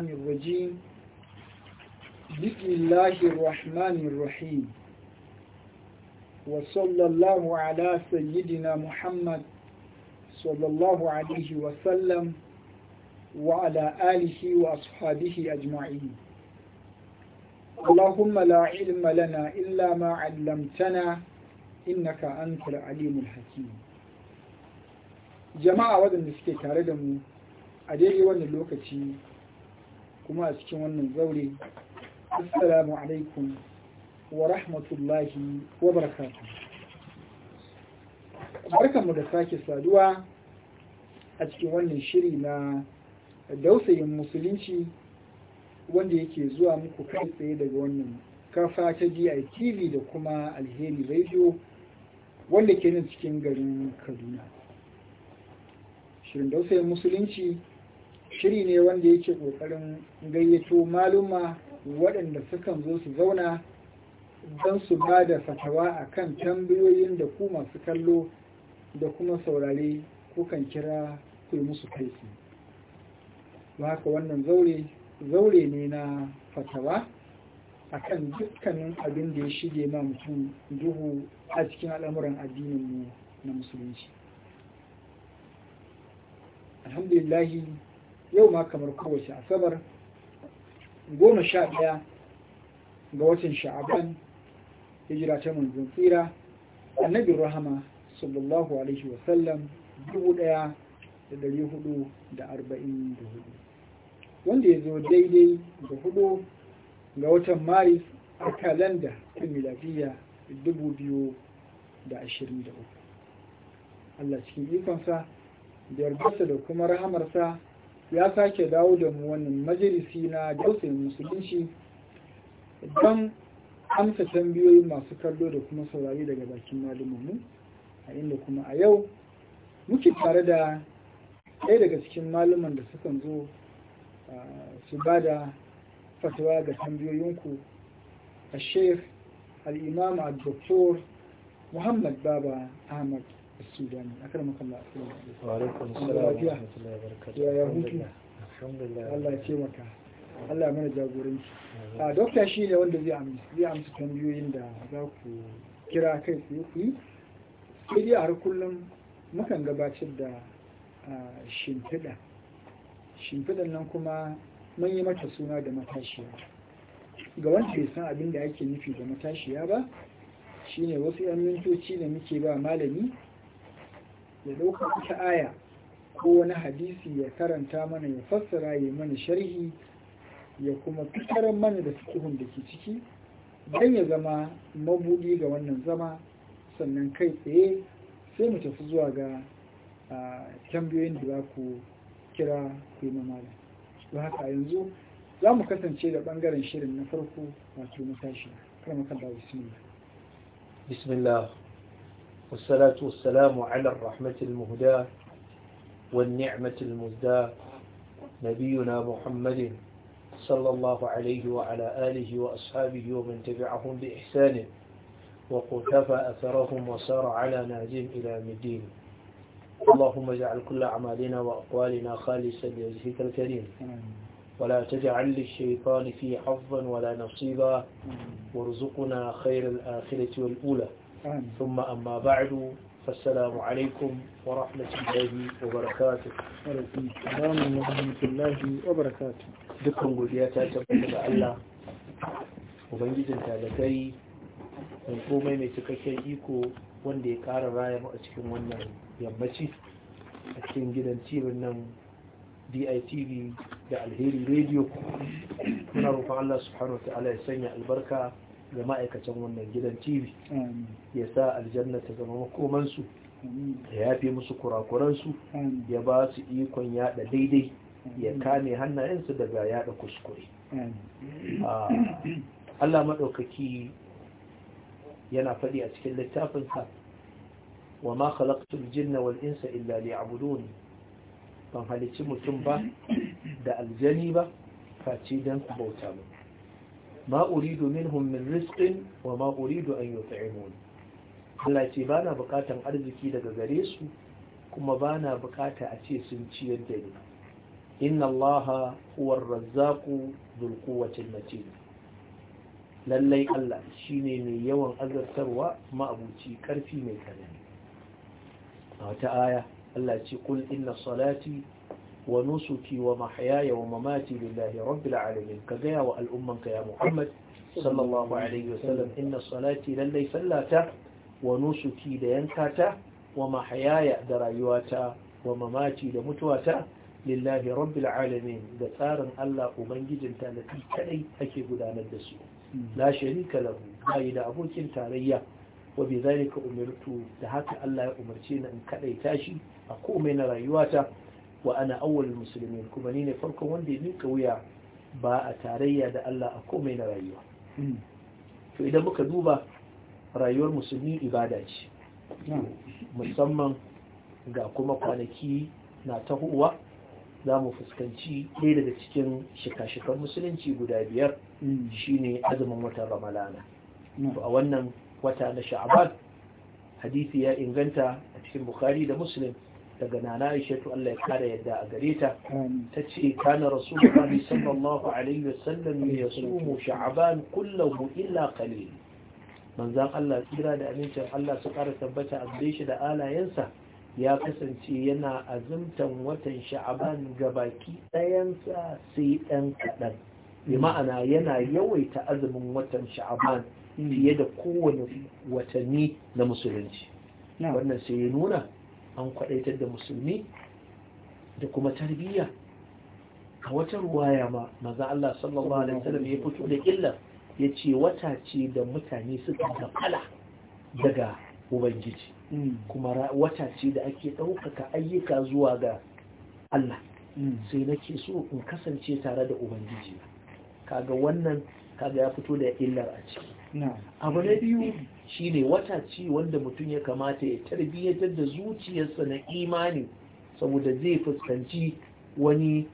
الرجيم بسم الله الرحمن الرحيم وصلى الله على سيدنا محمد صلى الله عليه وسلم وعلى آله وأصحابه أجمعين اللهم لا علم لنا إلا ما علمتنا إنك أنت العليم الحكيم جماعة ودن نسكي تاردمو أدري ون اللوكتي kuma a cikin wannan zaure assalamu alaikum wa rahmatullahi wa barakatuh barkanmu da sake saduwa a cikin wannan shiri na dausayin musulunci wanda yake zuwa muku kai tsaye daga wannan kafa ta DITV da kuma alheri radio wanda ke nan cikin garin Kaduna. Shirin dausayin musulunci shiri ne wanda yake ƙoƙarin gayyato maluma waɗanda sukan zo su zauna don su ba da fatawa a kan tambayoyin da ku masu kallo da kuma saurare kukan kira ku yi musu kai su haka wannan zaure zaure ne na fatawa akan dukkanin abin da ya shige ma mutum duhu a cikin al'amuran addininmu na musulunci alhamdulillahi yau ma kamar kowace asabar goma sha ɗaya ga watan sha'aban hijira ta manzon tsira annabin rahama sallallahu alaihi wasallam dubu ɗaya da ɗari hudu da arba'in da hudu wanda ya zo daidai ga hudu ga watan maris a kalanda ta miladiya dubu biyu da ashirin da uku Allah cikin ikonsa da yardarsa da kuma rahamarsa ya sake dawo da mu wannan majalisi na dausayin musulunci don amsa tambayoyi masu kallo da kuma saurari daga bakin malumanmu a inda kuma a yau muke tare da ɗaya daga cikin maluman da sukan zo su ba da fatawa ga tambayoyinku a sheikh al'imam al-doktor muhammad baba ahmad sudan akramakallah wa alaikum assalam wa rahmatullahi ya hutu Allah ya ce maka Allah mana jagoranci a ah, dokta shi ne wanda zai amsa tambayoyin da za ku kira kai su ku yi sai dai har kullum mukan gabatar da ah, shimfiɗa shimfiɗan nan kuma mun yi mata suna da matashiya ga wanda bai san abin da ake nufi da matashiya ba shine wasu 'yan mintoci da muke ba malami ya ɗauka ta aya ko wani hadisi ya karanta mana ya fassara ya mana sharhi ya kuma fitar mana da fikihun da ke ciki don ya zama mabuɗi ga wannan zama sannan kai tsaye sai mu tafi zuwa ga tambayoyin da za ku kira ku yi mamala su haka yanzu za mu kasance da ɓangaren shirin na farko wato matashi kar makalla bismillah bismillah والصلاة والسلام على الرحمة المهداة والنعمة المزداة نبينا محمد صلى الله عليه وعلى آله وأصحابه ومن تبعهم بإحسان وقتفى أثرهم وسار على نهجهم إلى مدين اللهم اجعل كل أعمالنا وأقوالنا خالصا لوجهك الكريم ولا تجعل للشيطان في حظا ولا نصيبا وارزقنا خير الآخرة والأولى ثم أما بعد فالسلام عليكم ورحمة الله وبركاته وعليكم السلام ورحمة الله وبركاته dukkan godiya ta tabbata ga Allah ubangijin talakai mai komai mai cikakken iko wanda ya kara rayar a cikin wannan yammaci a cikin gidan cibin nan DITV da Alheri rediyo. muna roƙon Allah subhanahu wa ta'ala ya sanya albarka ga ma'aikacin wannan gidan tv ya sa aljanna ta zama makomansu ya yafe musu kurakuransu ya ba su ikon yada daidai ya kame hannayensu daga yada kuskure ah, Allah maɗaukaki yana faɗi a cikin littafinsa wa ma khalaqtul jinna wal insa illa liya'budun ban halicci mutum ba da aljani ba dan don bauta mu ma uridu minhum min rizqin wa ma uridu an yut'imun Allah ce bana bukatan arziki daga gare su kuma bana bukata a ce sun ciyar da ni inna Allah huwa ar dhul quwwati matin lallai Allah shine mai yawan azartarwa ma'abuci karfi mai karami a wata aya Allah ce kul inna salati wanusuki nusuki wa mahyaya wa mamati lillahi rabbil alamin ka gaya wa al'ummanka ya muhammad sallallahu alaihi inna salati lallai sallata wanusuki da yankata wa mahyaya da rayuwata wa mamati da mutuwata lillahi rabbil alamin da tsarin Allah ubangijin talafi kadai ake gudanar da su la sharika lahu bai da abokin tarayya wa bi zalika umirtu da haka Allah ya umarce ni in kadai tashi a komai na rayuwata wa ana awwalul muslimin kuma ni ne farkon wanda ya miƙa wuya ba a tarayya da Allah a komai na rayuwa hmm. to idan muka duba rayuwar musulmi ibada ce hmm. musamman ga kuma kwanaki na tahowa za mu fuskanci ɗaya daga cikin shika-shikan musulunci guda biyar hmm. shine azumin watan ramalana a wannan wata na sha'aban hadisi ya inganta a cikin Bukhari da muslim daga nana aishatu Allah ya kare yadda a gare ta ta ce kana rasulullahi sallallahu alaihi wasallam sumu sha'ban kullahu illa qalil manzon Allah tsira da amincin Allah su kara tabbata a gare shi da alayensa ya kasance yana azumtan watan sha'ban gabaki ɗayansa sai ɗan kaɗan bi ma'ana yana yawaita azumin watan sha'ban fiye da kowane watanni na musulunci wannan sai ya nuna an kwadaitar da musulmi da kuma tarbiyya a wata ruwaya ma maza Allah sallallahu alaihi wasallam ya fito da illa ya ce wata ce da mutane suka kafala daga ubangiji hmm. kuma wata ce da ake ɗaukaka ayyuka zuwa ga Allah hmm. sai nake so in kasance tare da ubangiji kaga wannan kaga ya fito da illar a ciki abu na biyu shine wata ci wanda mutum ya kamata ya tarbiyyatar da zuciyarsa na imani saboda zai fuskanci wani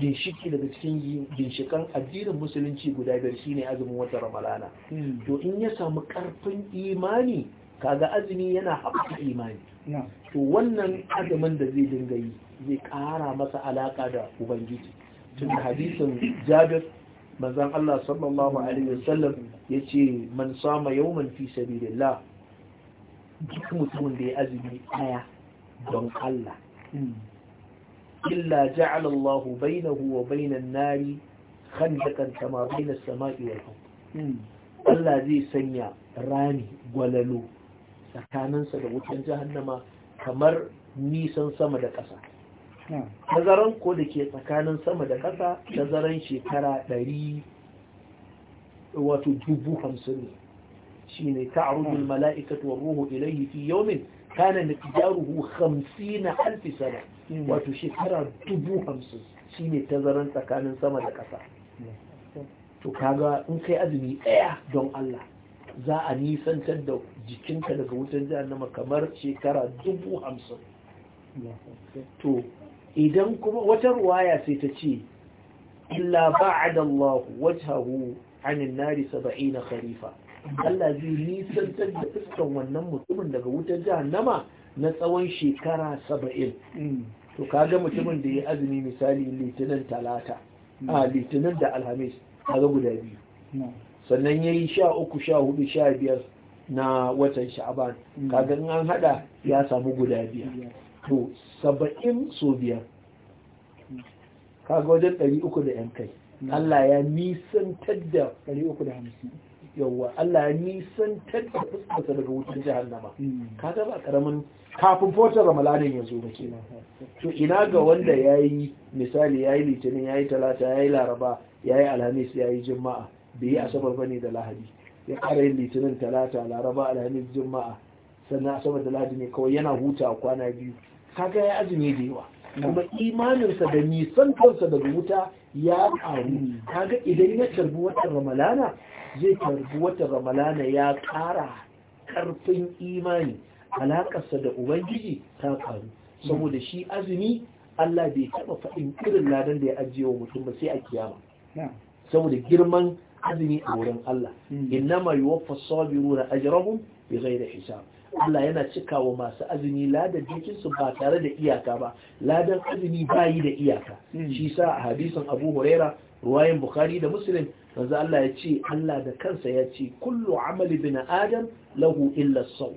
ginshiki daga cikin ginshikan addinin musulunci guda biyar shine azumin wata ramalana hmm. to in ya samu karfin imani kaga azumi yana haɓaka imani to wannan azumin da zai dinga yi zai ƙara masa alaƙa da ubangiji tun da hadisin jabir manzon Allah sallallahu alaihi wasallam yace man sama yawman fi sabilillah duk mutumin da ya azumi aya don Allah illa ja'ala Allah bainahu wa bainan nari khandaqan kama bainas sama'i wal Allah zai sanya rami gwalalo tsakaninsa da wutan jahannama kamar nisan sama da ƙasa tazaran ko da ke tsakanin sama da ƙasa tazaran shekara ɗari wato dubu hamsin ne shi ne ta'arudul mala’ikat wa ruhu ilayi fi min. kana miqdaruhu na alfi sana wato shekara dubu hamsin shi ne tazaran tsakanin sama da ƙasa to kaga in kai azumi ɗaya don Allah za a nisantar da jikinka daga wutar nama kamar shekara dubu hamsin to idan kuma wata ruwaya sai ta ce illa ba'ada Allah wajhahu anin nari 70 kharifa Allah zai nisantar da iskan wannan mutumin daga wutar jahannama na tsawon shekara 70 mm. to kaga mutumin da ya azumi misali litinin talata a mm. litinin da alhamis kaga guda biyu mm. sannan yayi 13 14 15 na watan sha'aban kaga in an hada ya samu guda biyar to 70 so biyar kaga wajen 300 da yan kai Allah ya nisantar da 350 yawwa Allah ya nisantar da fuskarsa daga wutar jahannama hmm. kaga ba karamin kafin fotar ramalanin ya zo ba to ina ga wanda yayi misali yayi litinin yayi talata yayi laraba yayi alhamis yayi juma'a bai yi asabar bane da lahadi ya ƙara yin litinin talata laraba alhamis juma'a sannan asabar da lahadi ne kawai yana huta kwana biyu kaga ya azumi da yawa kuma imaninsa da nisan kansa daga wuta ya ƙaru kaga idan ya karbi watan ramalana zai tarbi watan ramalana ya ƙara ƙarfin imani alaƙarsa da ubangiji ta ƙaru saboda shi azumi Allah bai taɓa faɗin irin ladan da ya ajiye wa mutum ba sai a kiyama saboda girman azumi a wurin Allah hmm. innama yuwaffa sabiruna ajrahum bi da hisab Allah yana cikawa masu azumi ladan jikinsu su ba tare da iyaka ba ladan azumi bayi da iyaka shi sa a hadisin Abu Huraira ruwayan Bukhari da Muslim manzo Allah ya ce Allah da kansa ya ce kullu amali bin adam lahu illa saw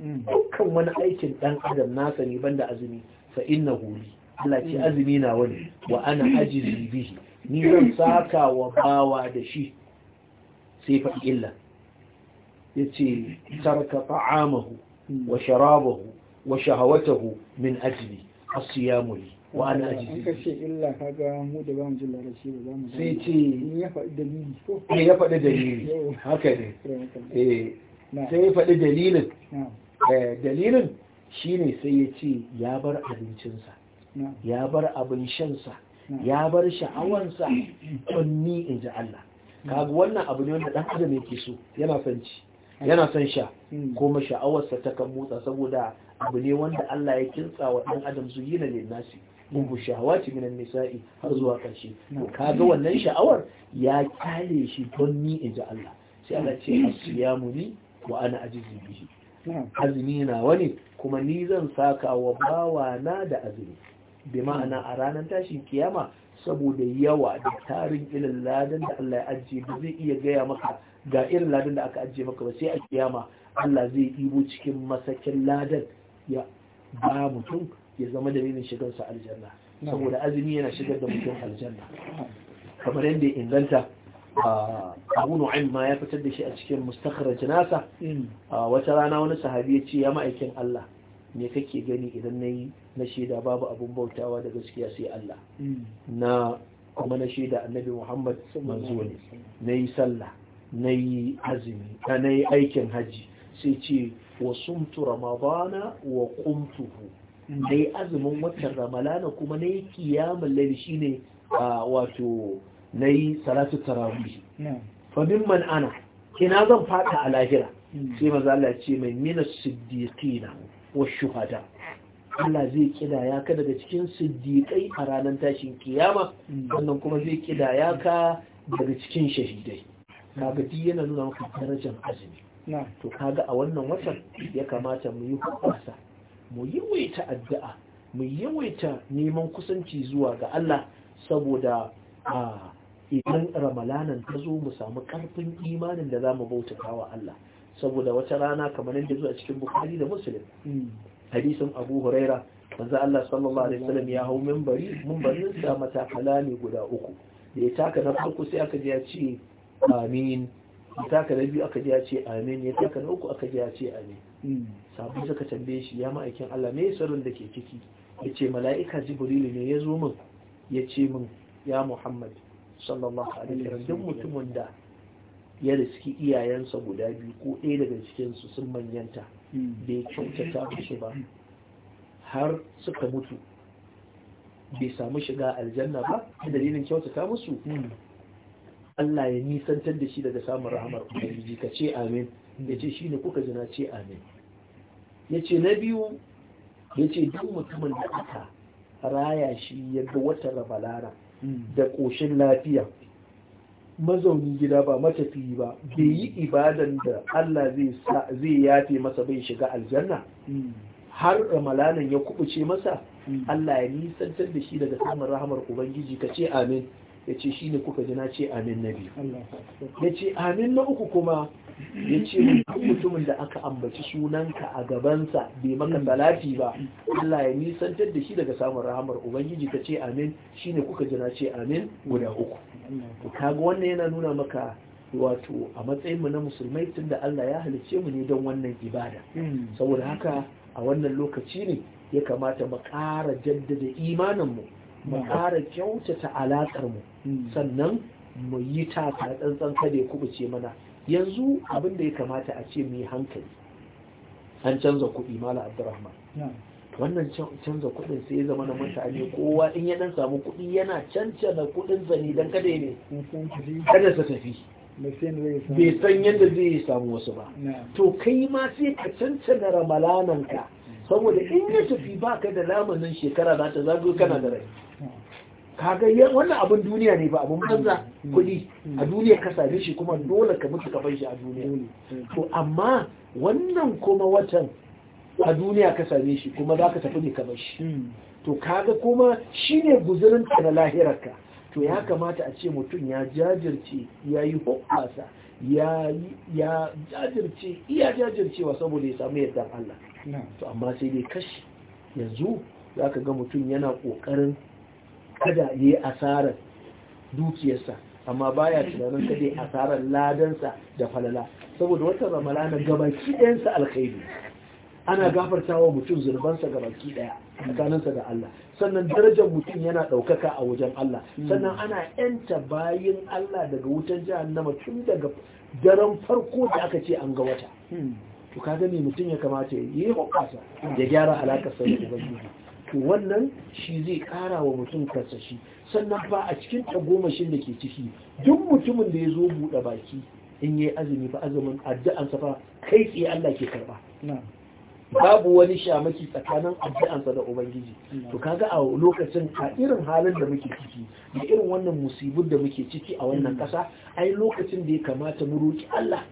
dukkan wani aikin dan adam nasa ne banda azumi fa innahu li Allah ce azumi na wani wa ana ajizi bihi ni zan saka wa bawa da shi sai fa illa yace tarka ta'amahu wa sharabahu wa shahawatahu min ajli as-siyamu li wa ana ajli kace illa kaga mu da bamu jin lalace ba zamu sai ce ya faɗi dalili ko ya faɗi dalili haka ne sai ya faɗi dalilin dalilin shine sai ya ce ya bar abincinsa ya bar abin shansa ya bar sha'awansa kunni in ji Allah kaga wannan abu ne wanda dan adam yake so yana son ci yana son sha hmm. kuma sha'awarsa ta kan motsa saboda abu ne wanda Allah ya kintsa wa ɗan adam su na lin nasi bugu shahawati minan nisa'i har zuwa ƙarshe ga wannan sha'awar ya kyale shi don ni in ji Allah sai Allah ce hmm. asiyamu ni wa ana ajizi bihi hmm. azumi na wani kuma ni zan saka wa bawa na da azumi bi ma'ana a ranar tashin kiyama saboda yawa da tarin irin ladan da Allah ya ajiye ba zai iya gaya maka ga irin ladan da aka ajiye maka ba sai a kiyama Allah zai ibo cikin masakin ladan ya ba mutum ya zama da shigar shigarsa aljanna saboda azumi yana shigar da mutum aljanna kamar yadda ya inganta abu nu'aim ma ya fitar da shi a cikin mustakhraj nasa mm. wata rana wani sahabi ya ce ya ma'aikin Allah me kake gani idan na yi na shaida babu abin bautawa da gaskiya sai Allah hmm. na kuma na shaida annabi Muhammad manzo ne na yi sallah na yi azumi na yi aikin haji sai ce wa sumtu ramadana wa qumtuhu hmm. na yi azumin watan ramalana kuma na yi kiyamun laili shine wato na yi salatu tarawih fa mimman ana ina zan fada a lahira hmm. sai manzo Allah ce mai mina siddiqina والشهداء Allah zai kidaya ka daga cikin siddiƙai a ranar tashin kiyama wannan kuma zai kidaya ka daga cikin shahidai kaga duk yana nuna maka darajar azumi to kaga a wannan watan ya kamata mu yi hubbasa mu yi waita addu'a mu yi yawaita neman kusanci zuwa ga Allah saboda idan ramalanan ta zo mu samu karfin imanin da za mu bautata wa Allah saboda wata rana kamar yadda zuwa cikin bukari da musulun. Hmm. hadisun abu huraira wanzu Allah sallallahu alaihi wasallam ya hau mimbari mimbarin sa matakala ne guda uku da ya taka na farko sai aka ji ya ce amin ya taka na biyu aka ji ya ce amin ya taka na uku aka ji ya ce amin hmm. sabu suka tambaye shi ya ma'aikin Allah me sirrin da ke ciki ya ce mala'ika jibrilu ne ya zo min ya ce min ya muhammad sallallahu alaihi wasallam duk mutumin da ya suke iyayensa guda biyu ko ɗaya daga cikinsu sun manyanta bai kyautata musu ba har suka mutu bai samu shiga aljanna ba da dalilin kyautata musu Allah ya nisantar da shi daga samun rahamar ubangiji ka ce amin ya ce ne kuka jina ce amin ya ce na biyu ya ce duk mutumin da aka raya shi ya ga wata Rabalara. da ƙoshin lafiya mazaunin gida ba matafiyi ba bai yi ibadan da Allah zai yafe masa bai shiga aljanna har ramalanan ya kubuce masa hmm. Allah ya nisantar da shi daga samun rahamar ubangiji ka ce amin ya ce shi ne kuka ji na ce amin na biyu ya ce amin na uku kuma ya ce mutumin da aka ambaci sunanka a gabansa bai maka salati ba Allah ya nisantar da shi daga samun rahamar ubangiji ka ce amin shi ne kuka ji na ce amin guda uku to kaga wannan yana nuna maka wato a matsayin mu na musulmai tun da Allah ya halicce mu ne don wannan ibada hmm. saboda haka a wannan lokaci ne ya kamata mu ƙara jaddada imaninmu mu ƙara kyautata alaƙar mu hmm. sannan mu yi taka tsantsan kada ya kubuce mana yanzu abin da ya kamata a ce mu yi hankali an canza kuɗi mala abdurrahman wannan canza kuɗin sai ya zama na mutane kowa in ya dan samu kuɗi yana cancana kuɗin zani dan kada ne kada sa tafi bai san yadda zai samu wasu ba to kai ma sai ka cancana ramalananka saboda in ya tafi ba ka da lamunin shekara za ta zago kana da rai kaga wannan abin duniya ne ba abin banza hmm. kuɗi hmm. a duniya ka same shi kuma dole ka mutu ka shi a duniya to amma wannan kuma watan a duniya ka same shi kuma za ka tafi ne ka bar shi hmm. to kaga kuma ne guzurin ka na ka. to ya kamata a ce mutum ya jajirce ya yi hoɓasa ya jajirce iya jajircewa saboda ya samu yadda Allah to amma sai dai kashi yanzu za ka ga mutum yana ƙoƙarin kada ya yi asarar dukiyarsa amma baya tunanin kada ya asarar ladansa da falala saboda wata na gabaki ɗayansa alkhairi ana gafarta wa mutum zurbansa gabaki ɗaya tsakaninsa da Allah sannan darajar mutum yana ɗaukaka a wajen Allah hmm. sannan ana yanta bayin Allah daga wutan na tun daga daren farko da aka ce an ga wata hmm. to kaga me mutum ya kamata ya yi hukasa ya gyara alakar sai da ubangiji to wannan shi zai ƙara wa mutum karsashi sannan ba a cikin tagomashin da ke ciki duk mutumin da ya zo buɗe baki in yi azumi ba azumin addu'ansa fa kai tsaye Allah ke karɓa. babu wani shamaki tsakanin addu'ansa da ubangiji to kaga a lokacin a irin halin da muke ciki da irin wannan musibin da muke ciki a wannan kasa ai lokacin da ya kamata mu roki Allah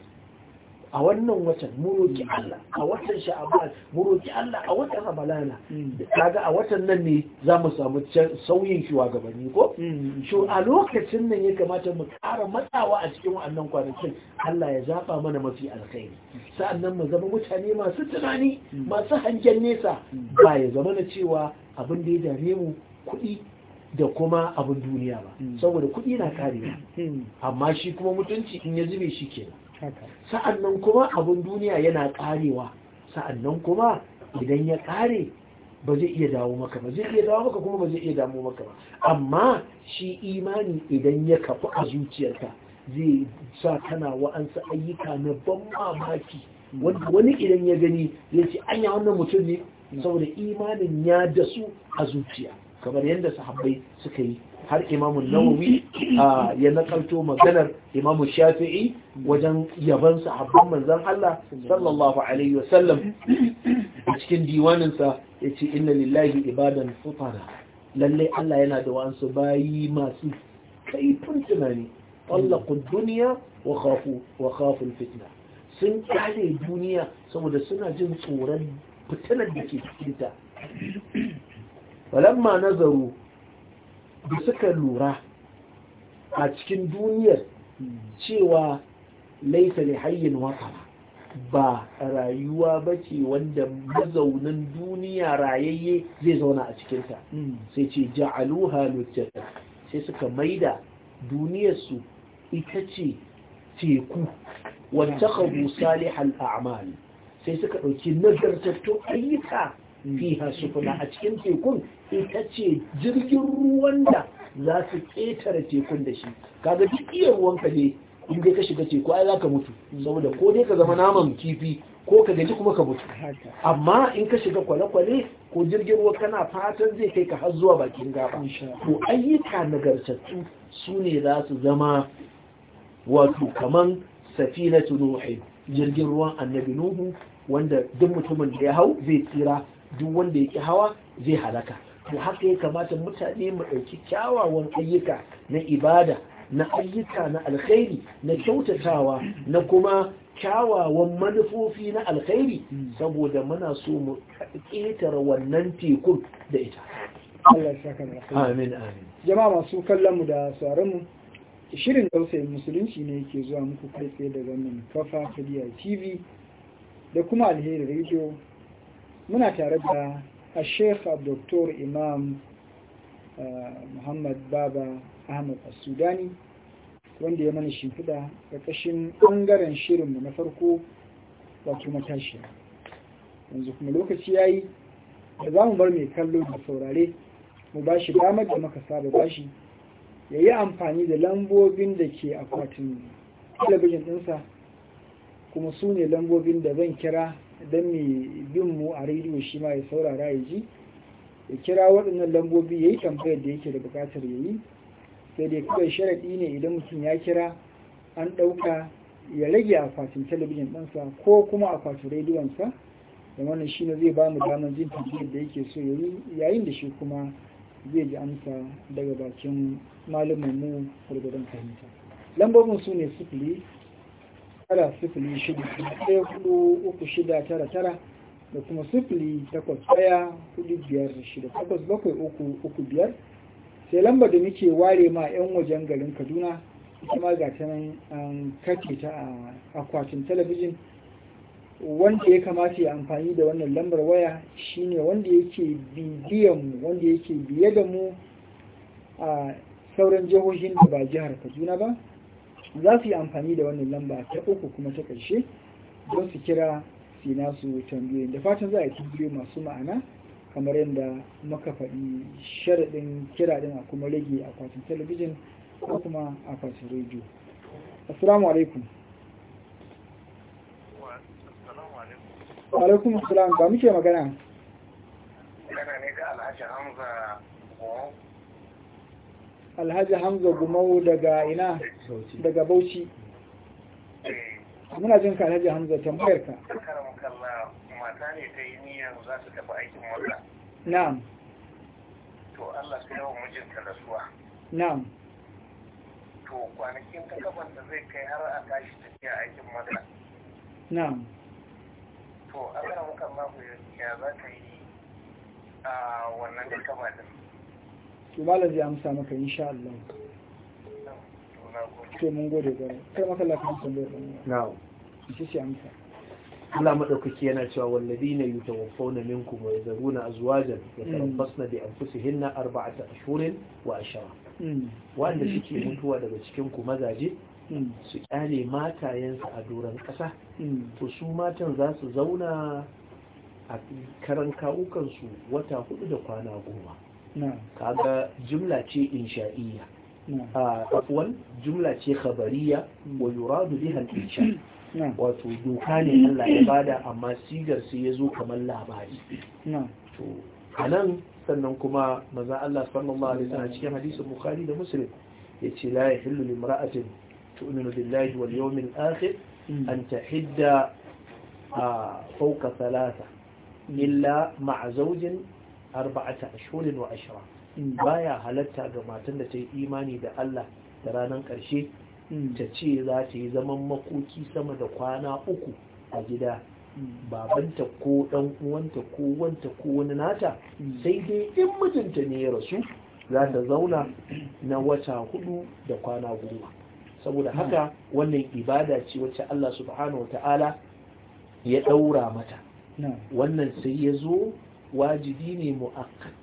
a wannan watan mu Allah a watan sha'aban muroki Allah a watan ramalana hmm. kaga a watan nan ne za mu samu sauyin shugabanni ko shi hmm, hmm, a lokacin nan ya kamata mu ƙara matsawa a cikin wannan kwanakin Allah ya zaba mana mafi alkhairi sa'annan mu zama mutane masu tunani masu hangen nesa ba ya zama na cewa abin da ya dare mu kuɗi da kuma abin duniya ba saboda kuɗi na karewa amma shi kuma mutunci in ya zube shi kenan sa'annan kuma abin duniya yana karewa sa'annan kuma idan ya kare ba zai iya dawo maka ba zai iya dawo maka kuma ba zai iya dawo maka ba amma shi imani idan ya kafu a zuciyarka zai sa kana wa'ansa ayyuka na ban mamaki wani idan ya gani ya ce anya wannan mutum ne saboda imanin ya dasu a zuciya kamar yadda sahabbai suka yi har imamun nawawi ya nakalto maganar imamu shafi'i wajen yaban sahabban manzan Allah sallallahu alaihi wasallam a cikin diwaninsa ya ce inna lillahi ibadan futara lalle Allah yana da wa'ansu bayi masu kaifin tunani ƙwallakun duniya wa khafun fitna sun kare duniya saboda suna jin tsoron fitinar da ke cikinta walamma nazaru da suka lura a cikin duniyar cewa laifin hayyin wasala ba rayuwa ba ce wanda mazaunin duniya rayayye zai zauna a cikinta hmm. sai ce ja'aluha lujjata sai suka maida duniyarsu ita ce teku wata kabu salihal a'mal sai suka ɗauki nagartattun ayyuka su hmm. sufuna a cikin tekun ita ce jirgin ruwan da za su ƙetare tekun da shi kaga duk iya ruwanka ne in dai ka shiga teku ai za ka mutu saboda ko dai ka zama naman kifi ko ka gaji kuma ka mutu amma in ka shiga kwale-kwale ko jirgin ruwa kana fatan zai kai ka har zuwa bakin gaba to ayyuka nagartattu su ne za su zama wato kaman safinatu nuhi jirgin ruwan annabi nuhu wanda duk mutumin da ya hau zai tsira duk wanda ya ki hawa zai halaka to haka ya kamata mutane mu ɗauki kyawawan ayyuka na ibada na ayyuka na alkhairi na kyautatawa na kuma kyawawan manufofi na alkhairi saboda muna so mu ƙetare wannan tekun da ita Allah ya saka amin amin jama'a masu kallon mu da sauran mu shirin dausayin musulunci ne yake zuwa muku kai tsaye daga nan kafa TV da kuma alheri radio muna tare da الشيخ الدكتور إمام Muhammad Baba Ahmad Sudani wanda ya mana shimfiɗa ƙarƙashin ɓangaren shirinmu na farko wato matashiya. Yanzu kuma lokaci ya yi da za mu bar mai kallo da saurare mu ba shi damar da maka saba ba shi ya yi amfani da lambobin da ke akwatin talabijin ɗinsa kuma su ne lambobin da zan kira don mai bin mu a rediyo shi ma ya saurara ya ji ya kira waɗannan lambobi ya yi tambayar da yake da buƙatar ya yi sai dai kawai sharaɗi ne idan mutum ya kira an ɗauka ya rage akwatin talabijin ɗansa ko kuma akwatin rediyonsa da wannan shi ne zai ba mu damar jin tambayar da yake so ya yi yayin da shi kuma zai ji amsa daga bakin malamin mu gwargwadon fahimta lambobin su ne sifili tara sifili shida ɗaya hudu uku shida tara tara da kuma sifili takwas ɗaya hudu biyar shida takwas bakwai uku uku biyar sai lambar da muke ware ma 'yan wajen garin kaduna kuma ga ta nan an kace ta a akwatin talabijin wanda ya kamata ya amfani da wannan lambar waya shine wanda yake bibiyan mu wanda yake biye da mu a sauran jihohin da ba jihar kaduna ba za su yi amfani da wannan lamba ta uku kuma ta ƙarshe don su kira su nasu da fatan za a yi tambayoyi masu ma'ana kamar yadda muka faɗi sharaɗin kira ɗin a kuma rage a akwatin talabijin ko kuma a akwatin rediyo assalamu alaikum alaikum assalam ba muke magana ne ga alhaji hamza alhaji hamza gumau daga ina daga bauchi muna jin ka alhaji hamza tambayar ka mata ne ta yi niyyar za su tafi aikin wata na'am to allah su yawan mijinta rasuwa na'am to kwanakin ta kaban da zai kai har a tashi tafiya aikin wata na'am to allah mukan mafi ya za ka yi a wannan kaba din to malam zai amsa maka insha Allah to mun gode gare kai maka lafiya sun da na'am shi shi amsa Allah madaukaki yana cewa walladina yutawaffawna minkum wa yazaruna azwajan yatarabbasna mm. bi anfusihinna arba'ata ashhurin wa ashara mm. wanda mm. suke mutuwa daga cikin ku mazaje su kyale matayensu a doron ƙasa to su matan za su zauna a karan kawukansu wata hudu da kwana goma kaga jumla ce insha'iyya ah, afwan jumla ce khabariya wa yuradu biha al-insha wato doka ne Allah ya bada amma sigar sai yazo kamar labari to anan sannan kuma maza Allah sallallahu alaihi wasallam cikin hadisin Bukhari da Muslim yace la yahillu limra'atin tu'minu billahi wal yawmil akhir hmm. an tahidda ah, fawqa thalatha illa ma'a zawjin arba'ata ashhurin wa ashra baya halatta ga matan da ta yi imani da Allah da ranar ƙarshe hmm. ta ce za ta yi zaman makoki sama da kwana uku a gida hmm. babanta ko dan uwanta ko wanta ko wani nata hmm. sai dai in mijinta ne ya rasu za ta zauna na wata hudu da kwana goma saboda haka wannan ibada ce wacce Allah subhanahu wata'ala ya ɗaura mata wannan sai ya zo wajibi ne mu'akkat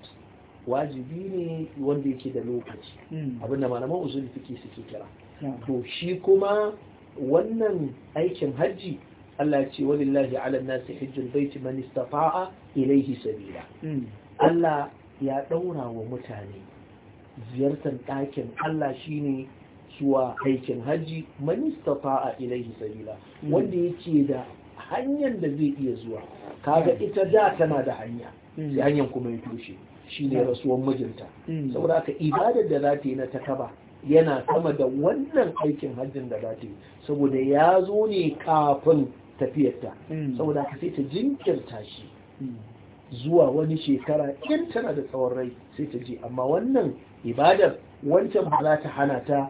wajibi ne wanda yake da lokaci hmm. abin da malaman fiki suke kira hmm. to shi kuma wannan aikin hajji Allah ce walillahi ala nasi hajjul baiti man istata'a ilayhi sabila hmm. Allah ya daura wa mutane ziyartar ɗakin Allah shine zuwa aikin hajji man istata'a ilayhi sabila wanda yake da hanyar da zai iya zuwa kaga ita da tana da hanya sai hanyar kuma ya toshe ne rasuwan mijinta saboda ka ibadar da za ta yi na takaba yana kama da wannan aikin hajjin da za ta yi saboda ya zo ne kafin tafiyarta saboda ka sai ta jinkirta shi zuwa wani shekara in tana da tsawon rai sai ta je amma wannan ibadar wancan ba za ta hana ta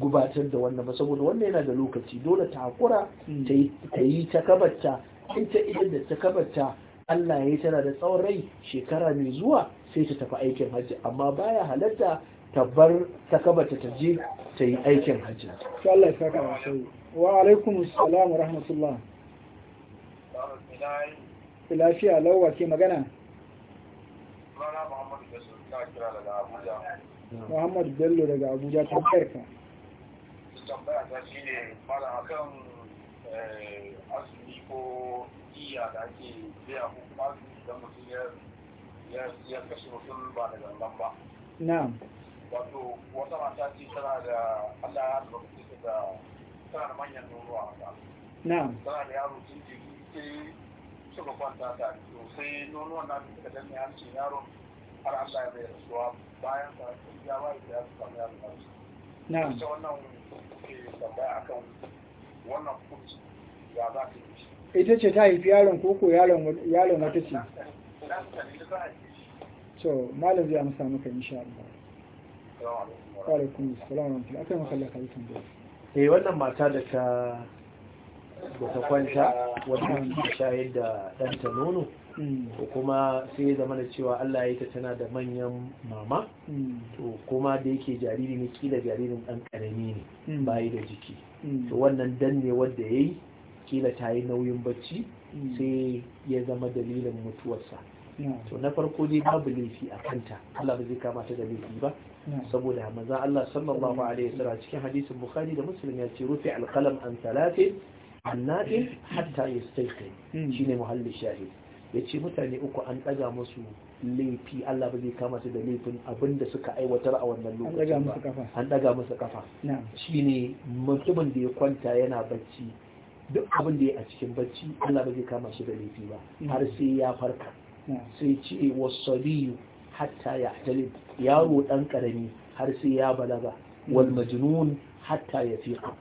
gubatar da wannan ba saboda wannan yana da lokaci dole ta hakura hmm. ta yi ta kabarta in ta ita da ta kabarta Allah ya yi tana da tsawon rai shekara mai zuwa sai ta tafi aikin hajji amma baya halatta ta bar ta kabarta ta je ta yi aikin hajji. Sai Allah ya saka wa sai. Wa alaikum assalam wa rahmatullah. Lafiya lawa ke magana? Muhammad Bello daga Abuja ta karka. tambaya ta shi ne mara kan eh, azumi ko iya da ake biya ko kuma mutum ya kashe mutum ba da zangan ba. Na'am. Wato wata mata ce tana da Allah ya haɗa mutum da tana da manyan nonuwa haka. Na'am. Tana da yaro sun ce ke suka kwanta tare to sai nonuwan na suka danne hancin yaron har Allah ya bai rasuwa bayan sa ya da ya samu yaron nasu. ita wannan ya ita ce ta haifi yaron koko yaron wata ce so malam zai amsa maka insha Allah wa alaikum assalam wa rahmatullahi akan makalla ka yi tambaya eh wannan mata da ta kwanta wannan shayar da ɗanta nono Mm. to kuma sai ya zama da cewa Allah ya ta tana da manyan mama mm. to kuma da yake jariri ne kila jaririn dan karami ne mm. bayi da jiki to wannan danne wanda yi kila ta yi nauyin bacci sai ya zama dalilin mutuwarsa to na farko dai babu laifi a kanta Allah ba zai kama ta da laifi ba saboda maza Allah sallallahu alaihi wasallam cikin hadisin Bukhari da Muslim ya ce rufi alqalam an thalathin annatin hatta yastayqin shine muhallin shahid ya ce mutane uku an ɗaga masu laifi Allah ba zai kama su da laifin abinda suka aiwatar a wannan lokacin ba an ɗaga musu kafa shi ne mutumin da ya kwanta yana bacci duk abin da ya a cikin bacci Allah ba zai kama shi da laifi ba har sai ya farka sai ce eh, wasu hatta ya talib yaro dan karami. har sai ya balaga wal majnun hatta ya fiqa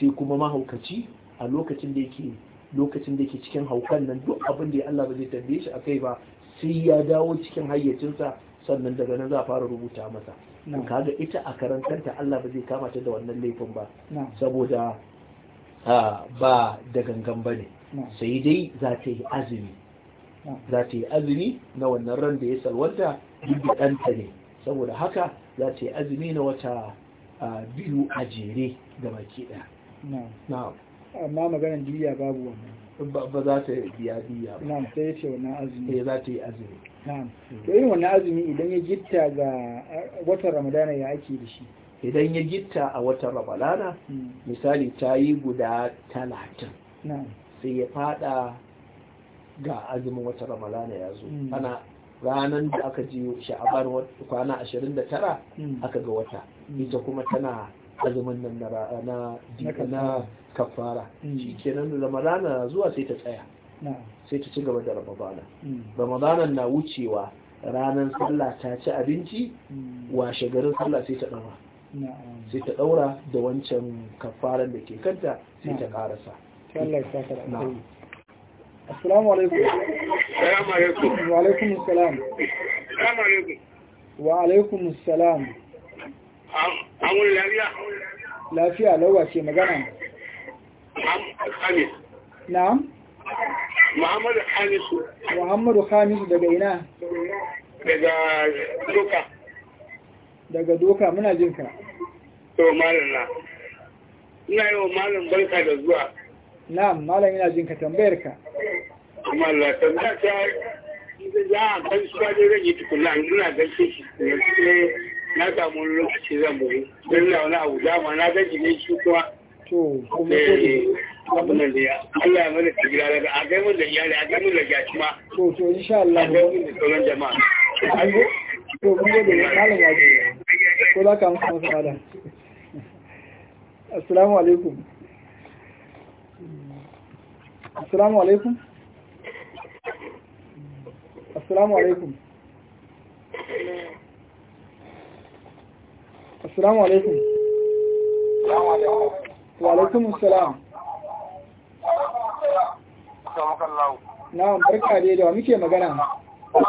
sai kuma mahaukaci a lokacin da yake lokacin da ke cikin haukan nan duk abin da ya Allah ba zai tambaye shi kai ba sai ya dawo cikin hayyacinsa sannan daga nan za a fara rubuta masa kaga ita a karan kanta Allah ba zai kama ta da wannan laifin ba saboda ba da gangan bane sai dai za ta yi azumi za ta yi azumi na wannan ran da ya salwanta duk ɗanta ne saboda haka za ta yi azumi na wata biyu a jere ga baki ɗaya na'am amma maganar diya babu wannan ba za ta biya diya ba na'am sai ya ce wannan azumi sai eh, za ta yi azumi na'am hmm. to irin wannan azumi idan ya gitta ga watan ramadana ya ake da shi idan ya gitta a watan ramadana hmm. misali ta yi guda talatin sai ya fada ga azumin watan ramadana ya zo hmm. ana ranar da aka ji sha'aban kwana 29 aka ga wata ita kuma tana azumin nan na na kafara mm. shi kenan ramadana zuwa sai ta tsaya sai ta ci gaba da ramadana mm. ramadana na wucewa ranar sallah ta ci abinci mm. washe garin sallah sai ta ɗaura sai ta ɗaura da wancan kafaran da ke kanta sai ta ƙarasa Assalamu alaikum. Assalamu alaikum. Wa alaikum salam. Wa alaikum salam. an wani lafiya lafiya lauwa ce magana hamis na muhammadu hamisu muhammadu hamisu daga ina daga doka daga doka muna jinka to malam na ina yi wa malam barka da zuwa na'am malam ina jinka tambayar ka malla tambayar ta yi, ya a kan suwa ne zai rage tukula ina gaishe shi ne na samu lokaci zan bugu don na wani abu dama na gaji ne shi kuma eh, da ya Allah ya mana daga a gaimun da iyali da ma to to insha Allah a da sauran jama'a to mun gode ne malam ya ko za ka masa assalamu alaikum alaikum assalamu alaikum Assalamu alaikum. Wa alaikum assalam. Na'am barka dai da muke magana. Eh,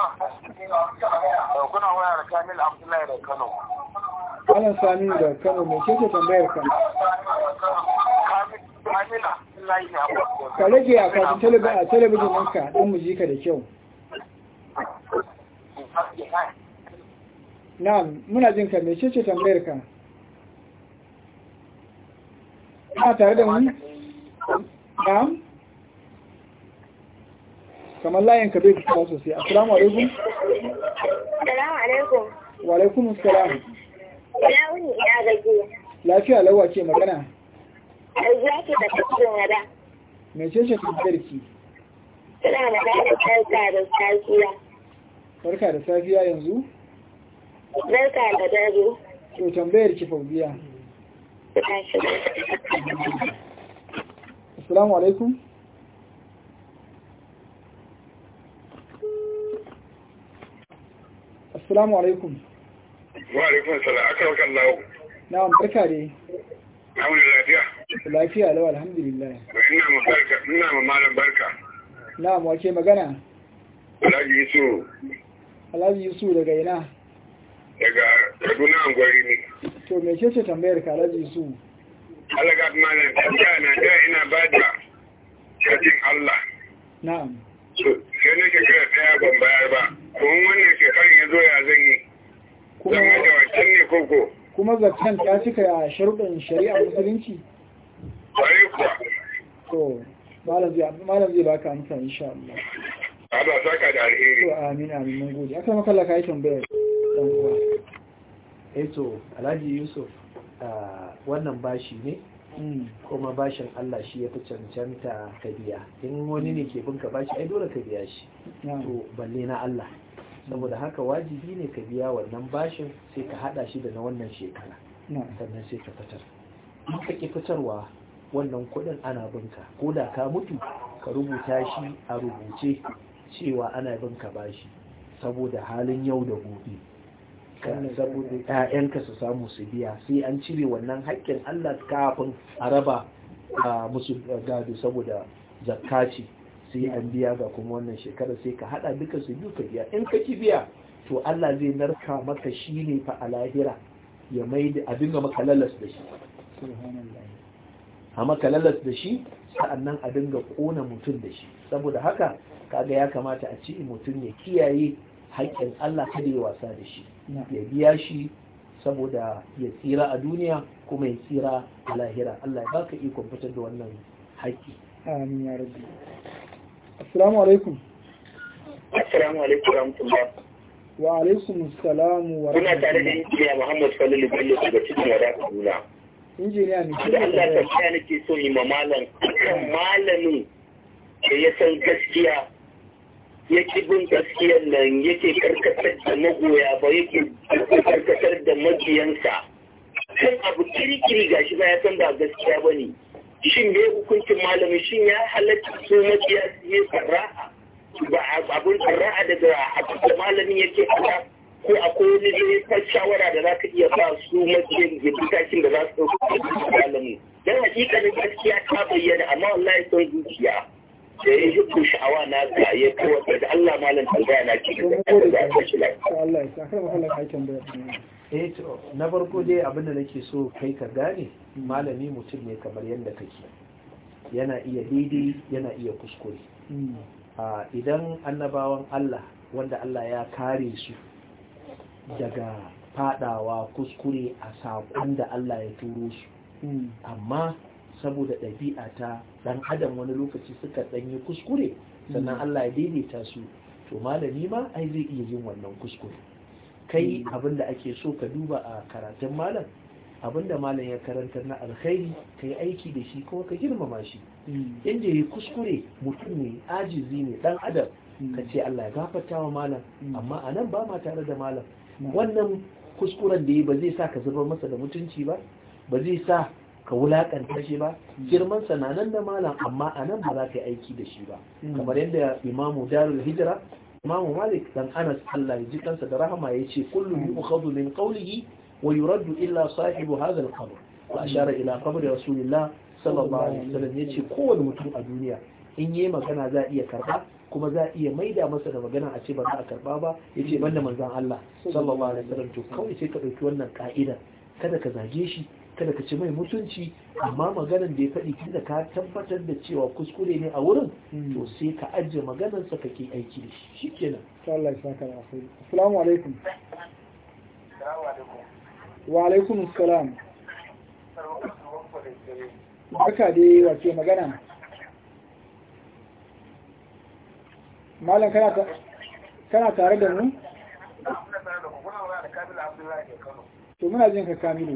kuna da Kamil da Kano. Sami da Kano mai ke tambayar ka. Ka rage a kafin talabijin ɗinka don mu ji ka da kyau. na'am muna jin ka mece ce tambayar ka Ina tare da mu na'am kamar layin ka bai fita sosai assalamu alaikum assalamu alaikum wa alaikum assalam ina wuni ina gaje lafiya lawa ke magana Ajiya ke da kasuwan wada. Mece ce tambayar ki? Suna magana da da safiya. Barka da safiya yanzu? Barka da dare. To tambayar ki fauziya. Assalamu alaikum. Assalamu alaikum. Wa alaikum salam. Akarkan lawo. Na'am barka dai. Aure lafiya. Lafiya lawa alhamdulillah. Ina ma barka, ina ma malam barka. Na'am wace magana? Alhaji Yusuf. Alhaji Yusuf daga ina? daga kaduna angwari ne to me ce ce tambayar ka alhaji su alaga mana tambaya na da ina ba da allah na'am so sai na shekara daya ban bayar ba kuma wannan shekarar ya zo ya zan yi zan da wancan ne koko kuma zaton ta cika a sharuɗin shari'a musulunci ƙware kuwa to malam zai baka amsa insha Allah Allah saka da alheri to amin amin mun gode aka maka tambayar dan uwa eto eh alhaji yusuf wannan bashi ne mm. kuma bashin Allah shi ya fi cancanta ka in wani ne mm. ke binka bashi ai dole ka biya shi to balle na Allah saboda haka wajibi ne ka biya wannan bashin sai ka hada shi da na wannan shekara sannan sai ka fitar in ka ki fitarwa wannan kuɗin ana binka ko da ka mutu ka rubuta shi a rubuce cewa ana binka bashi saboda halin yau da gobe saboda 'ya'yanka su samu su biya sai an cire wannan haƙƙin Allah kafin a raba musu gado saboda zakaci ce sai an biya ga kuma wannan shekarar. sai ka haɗa duka su biyu ka biya in ka ki biya to Allah zai narka maka shi ne fa a lahira ya mai da abin maka lalas da shi a maka lalas da shi sa'annan a dinga kona mutum da shi saboda haka kaga ya kamata a ci mutum ya kiyaye haƙƙin Allah kada ya wasa da shi ya biya shi saboda ya tsira a duniya kuma ya tsira a lahira Allah ya baka ikon fitar da wannan haƙƙi amin ya rabbi assalamu alaikum assalamu alaikum rahmatullah wa alaikum assalam wa rahmatullah kuna tare da injiniya Muhammad Falilu Bello daga cikin wada Kaduna injiniya ne da Allah ta tsaya nake so yi ma malam malamin da ya san gaskiya ya ci bin gaskiyar nan yake karkatar da magoya ba yake karkatar da magiyansa. kan abu kirkiri ga shi ya san ba gaskiya ba ne shin ne hukuncin malami shin ya halatta su magiya su yi sarra'a ba abun sarra'a daga hakika malamin yake fara ko akwai wani ne shawara da za ka iya ba su majiyan gindikashin da za su ɗauka malami dan hakikanin gaskiya ta bayyana amma wallahi son zuciya da ya yi kun sha'awa na ya wata da Allah malin tambaya na ke da eh na farko dai abin da nake so kai ka gane malami mutum ne kamar yadda kake yana iya daidai yana iya kuskure hmm. idan annabawan Allah wanda Allah ya kare su daga fadawa kuskure a saƙon da Allah ya turo su hmm. amma saboda ɗabi'a ta ɗan adam wani lokaci suka ɗanyi kuskure sannan mm. Allah ya daidaita su to malami ma ai zai iya yin wannan kuskure kai mm. abin da ake so ka duba a karatun malam abin da malam ya karantar na alkhairi ka yi aiki da shi kuma ka girmama shi mm. inda ya kuskure mutum ne ajizi ne ɗan adam ka ce Allah ya gafarta wa malam amma a nan ba ma tare da malam wannan kuskuren da ya ba zai sa ka zubar masa da mutunci ba ba zai sa ka wulakanta shi ba girman sa nan da malam amma a nan ba za ka yi aiki da shi ba kamar yadda imamu darul hijira imamu malik dan anas allah ya ji kansa da rahama ya ce kullu yu'khadhu min qawlihi wa yuraddu illa sahibu hadha al-qabr wa ashara ila qabri rasulillah sallallahu alaihi wasallam ya ce kowane mutum a duniya in yi magana za a iya karba kuma za a iya maida masa da magana a ce ba za a karba ba ya ce banda manzan Allah sallallahu alaihi wasallam to kawai sai ka ɗauki wannan ka'ida kada ka zage shi kada ka ci mai mutunci amma maganan da ya faɗi da ka tabbatar da cewa kuskure ne a wurin hmm. to sai ka ajiye maganan sa kake aiki da shi shikenan Allah ya saka alkhairi assalamu alaikum wa alaikum assalam haka dai wace magana malam kana kana tare da mu to muna jin ka kamilu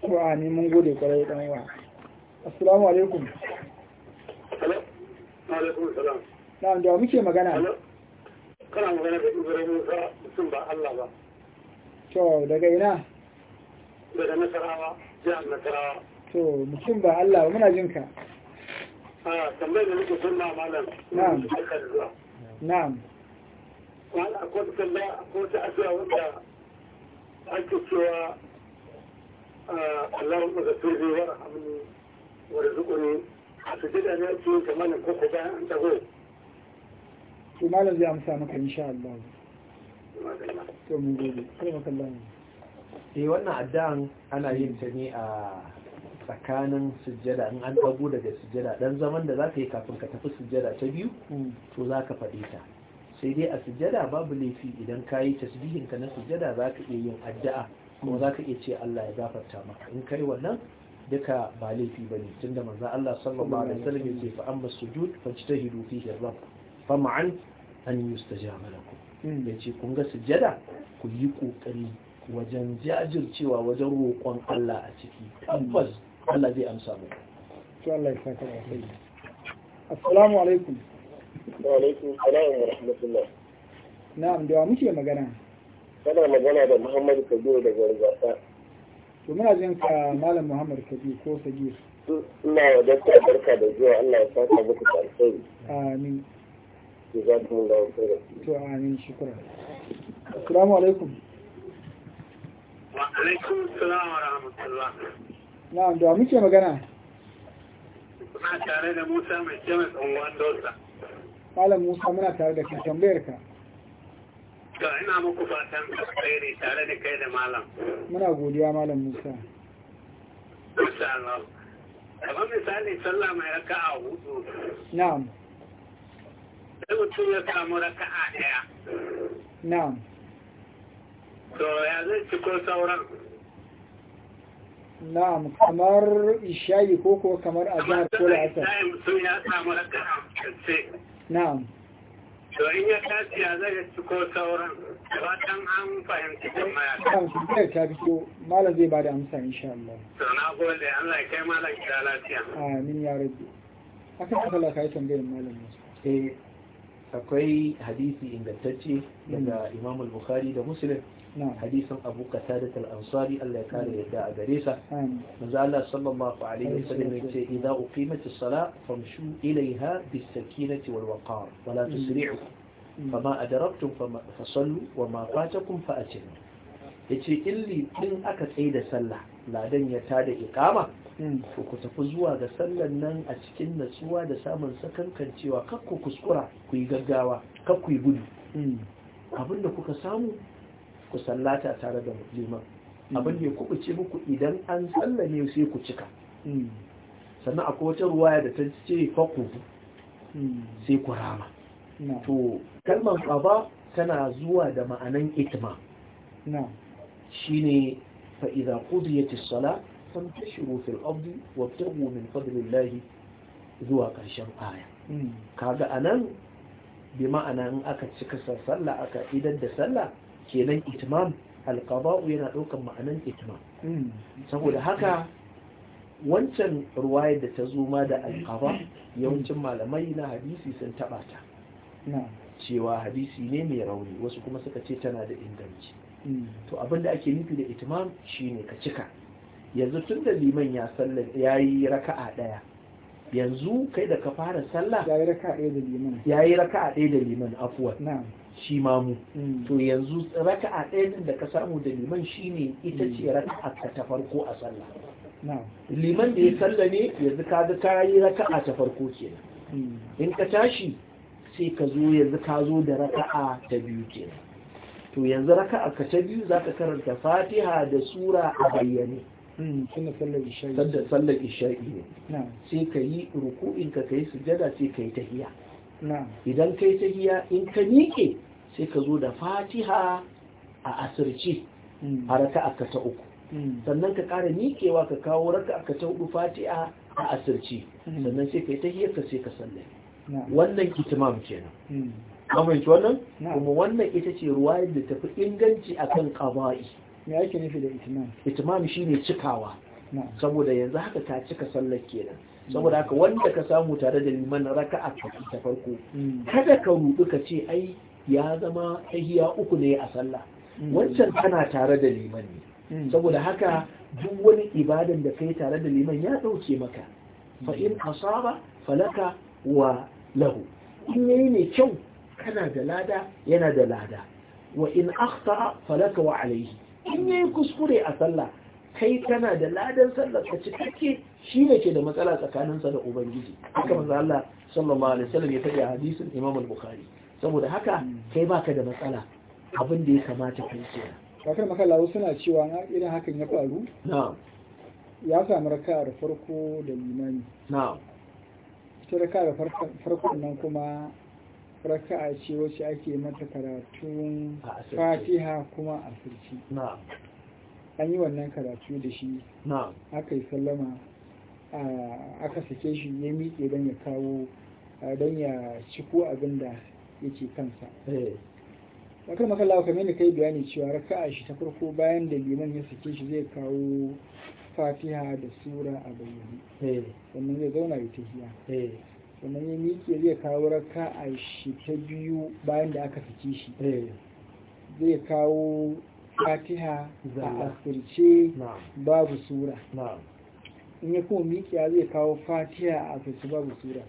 to mun gode kwarai dan wa assalamu alaikum na'am da muke magana kana magana da ibrahim musa mutum ba allah ba to daga ina daga nasarawa jihar nasarawa to mutum ba allah ba muna jinka a ah, tambayar da nake son ma malam na'am na'am wani akwai tambaya ko ta addu'a wanda ake cewa اللهم اغفر لي وارحمني وارزقني أسجد أن أتي كمان كوكو أن تقول to malam zai amsa maka insha Allah to mun gode sai maka Allah eh wannan addu'an ana yin ta ne a tsakanin sujjada in an dago daga sujjada dan zaman da zaka yi kafin ka tafi sujjada ta biyu hmm. to zaka faɗi ta sai dai a sujjada babu laifi idan kayi tasbihin ka na sujjada zaka iya yin addu'a kuma za ka iya ce Allah ya gafarta maka in kai wannan duka ba laifi ba ne tunda manzan Allah sallallahu alaihi wasallam ya ce fa amma sujud fa jtahidu fihi rabb fa ma'an an yi ta yustajaba lakum hmm. ya ce kun ga sujada ku yi kokari wajen jajircewa wajen roƙon Allah a ciki tabbas Allah zai amsa mu to Allah ya saka alheri assalamu alaikum wa alaikum assalam wa rahmatullah na'am da muke magana kana magana da muhammadu kabiru daga rigasa to muna jin ka malam muhammadu kabiru ko sagir ina wa dakta barka da zuwa allah ya saka muku alheri amin jazakumullahu khairan to amin shukura. assalamu alaikum wa alaikum assalam wa rahmatullah na'am da muke magana Muna tare da Musa mai mai unguwan Dosa. Malam Musa muna tare da kai tambayar ka. to ina muku fatan alkhairi tare da kai da malam muna godiya malam musa insha Allah kamar misali sallah mai raka'a hudu na'am sai mutum ya samu raka'a ɗaya. na'am to ya zai ci ko sauran na'am kamar ishayi ko ko kamar azhar ko al'asr na'am to in ya tafiya zai ci ko sauran fatan an fahimci ta fito malam bada amsa insha Allah na Allah ya kai malam ya tambayar malam eh, akwai hadisi ingantacce daga Imam bukhari da Muslim hadisin abu tare ta al'ansari. Allah ya kare yadda a gare sa manzo Allah sallallahu alaihi wasallam ya ce idza uqimat as famshu ilayha bis-sakinati wal-waqar wa la tusri'u fama adraktum fasallu wa ma fatakum Ya yace illi din aka tsaye da sallah ladan ya tada iqama to ku tafi zuwa ga sallan nan a cikin natsuwa da samun sakankancewa kakku kuskura ku yi gaggawa kakku yi gudu abinda kuka samu ku sallata tare da liman mm. abin da ya kubuce muku idan an sallame sai ku cika mm. sannan akwai wata ruwaya da ta ce faku mm. sai ku rama to kalmar ƙaba tana zuwa da ma'anan itma shine fa ya qudiyatis sala fantashiru fil ardi wabtaghu min fadlillahi zuwa ƙarshen aya kaga anan bi ma'ana in aka cika sallah aka idar da sallah kenan itimam alqada'u yana daukan ma'anan itimam saboda haka wancan ruwayar da ta zo ma da alqaba yawancin malamai na hadisi sun taba ta cewa hadisi ne mai rauni wasu kuma suka ce tana da inganci to abin da ake nufi da itimam shine ka cika yanzu tun da liman ya sallar ya yi raka'a daya yanzu kai da ka fara sallah ya raka'a daya da liman ya raka'a daya da liman afuwa shi mu mm. to yanzu raka'a ɗaya din da ka samu da liman shine ita ce mm. raka'a ka ta farko a sallah liman da ya salla ne yanzu ka ga ka yi raka'a ta farko kenan mm. in ka tashi sai ka zo yanzu ka zo da raka'a ta biyu kenan to yanzu raka'a ka ta biyu zaka karanta Fatiha da sura a bayyane sallar isha'i ne sai ka yi ruku'in ka kai sujada sai ka yi tahiya idan kai giya in ka miƙe sai ka zo da fatiha a asirci. Mm. a raka a kata uku mm. sannan ka ƙara miƙewa ka kawo raka a kata uku fatiha a asirci. Mm. sannan sai ka yi giya ka sai ka sallai wannan itimam kenan ki wannan kuma wannan ita ce ruwayar da tafi inganci akan ƙaba'i me ake nufi da itimam itimam shine cikawa saboda yanzu haka ta cika sallar kenan saboda haka wanda ka samu tare da liman raka'a ta farko mm. kada ka rubu ka ce ai ya zama tahiya uku ne a sallah mm. wancan kana tare da liman ne mm. saboda haka duk wani ibadan da kai tare da liman ya dauke maka fa in asaba falaka wa lahu in yayi ne kyau kana da lada yana da lada wa in akhta falaka wa alayhi in yayi kuskure a sallah kai kana da ladan sallar ka cikakke shi ne ke da matsala tsakaninsa da ubangiji haka manzo Allah sallallahu alaihi wasallam ya faɗi a hadisin Imam al-Bukhari saboda haka kai baka da matsala abin da ya kamata kai kenan kakar makalla suna cewa na irin hakan ya faru ya samu da farko da limani na'am ita da farkon nan kuma raka'a ce wacce ake mata karatun fatiha kuma a firci an yi wannan karatu da shi aka yi sallama aka sake shi ya miƙe don ya kawo don ya ciko abin da ke kansa eh. wakar makalla kamar da kai bayani cewa raka'a shi ta farko bayan da liman ya sake shi zai kawo fatiha da sura a bayyane eh. sannan zai zauna ya tafiya. Eh. sannan ya miƙe zai kawo raka'a shi ta biyu bayan da aka sake shi zai kawo fatiha a asirce babu sura in ya kuma mikiya zai kawo Fatiya a sassu babu sura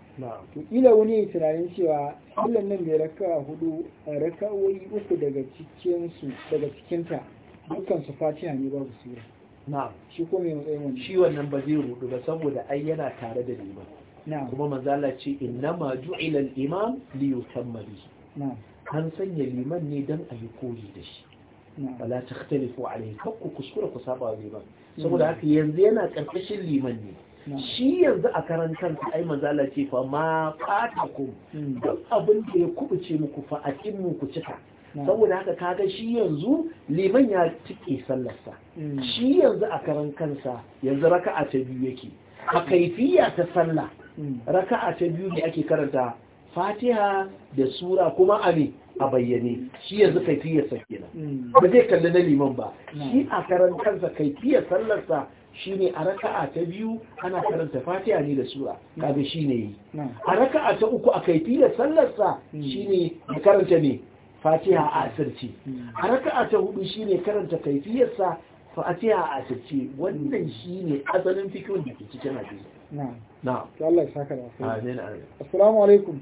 to ila wani ya tunanin cewa sallan nan mai raka hudu wani uku daga cikinsu daga cikinta dukkan su fatiya ne babu sura shi ko mai matsayin wani shi wannan ba zai rudu ba saboda ai yana tare da liman kuma manzala ce inna ma ju'ila imam li na an sanya liman ne dan a yi koyi da shi wala takhtalifu alayhi kakku kuskure ku saba liman saboda haka yanzu yana karkashin liman ne shi yanzu a karan kansa ai manzala ce fa ma fatakum duk abin da ya kubuce muku fa a mu ku cika saboda haka kaga shi yanzu liman ya tike sallarsa shi yanzu a karan kansa yanzu raka'a ta biyu yake a kaifiya ta sallah raka'a ta biyu ne ake karanta fatiha da sura kuma ame a bayyane shi yanzu kaifiyarsa kenan hmm. ba zai kalli na liman ba hmm. shi a karan kansa kaifiyar sallarsa shine a raka'a ta biyu ana karanta fatiha ne da sura hmm. kaga shine yi a raka'a ta uku a kaifiyar sallarsa shine ya karanta ne fatiha a asirce a raka'a ta hudu shine karanta kaifiyarsa fatiha a asirce wannan shine asalin fikirin da ke cikin hadisi na'am na'am Allah ya saka da alaikum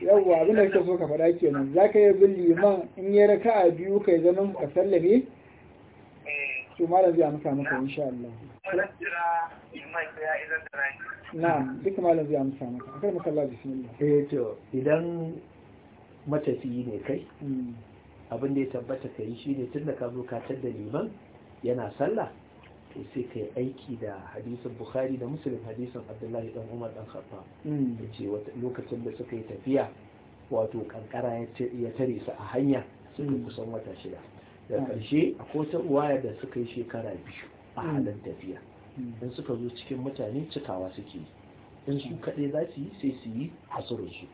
yawwa abin da kake so ka faɗa kenan za ka yi bin liman in yi raka a biyu kai zanen ka sallame su ma da zai amsa maka insha Allah na'am duk malam zai amsa maka akar da Allah ne. eh to idan matafiyi ne kai hmm. abin da ya tabbata ka yi shi ne tun da ka zo ka tada liman yana sallah to sai kai aiki da hadisin bukhari da muslim hadisin abdullahi dan umar dan khattab Da mm. ce lokacin da suka yi tafiya wato kankara ya tare su a hanya suka mm. kusan wata shida da mm. ƙarshe a wata waya da suka yi shekara biyu a halin tafiya in suka zo cikin mutane cikawa suke yi in su kaɗai za su yi sai su yi hasurinsu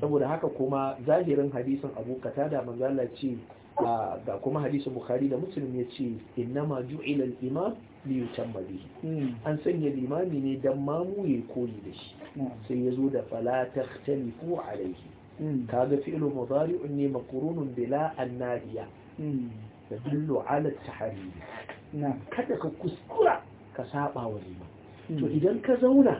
saboda haka kuma zahirin hadisin abu katada manzala ce ga kuma hadisin bukhari da muslim ya ce innama ju'ila al-imam li yutamma bihi hmm. an sanya limami ne dan mamu ya koyi da shi hmm. sai yazo da fala takhtalifu alayhi hmm. kaga fi'lu mudari'un ne maqrunun bila an-nadiya tadullu ala at-tahrim kada ka kuskura ka saba wa liman to idan ka zauna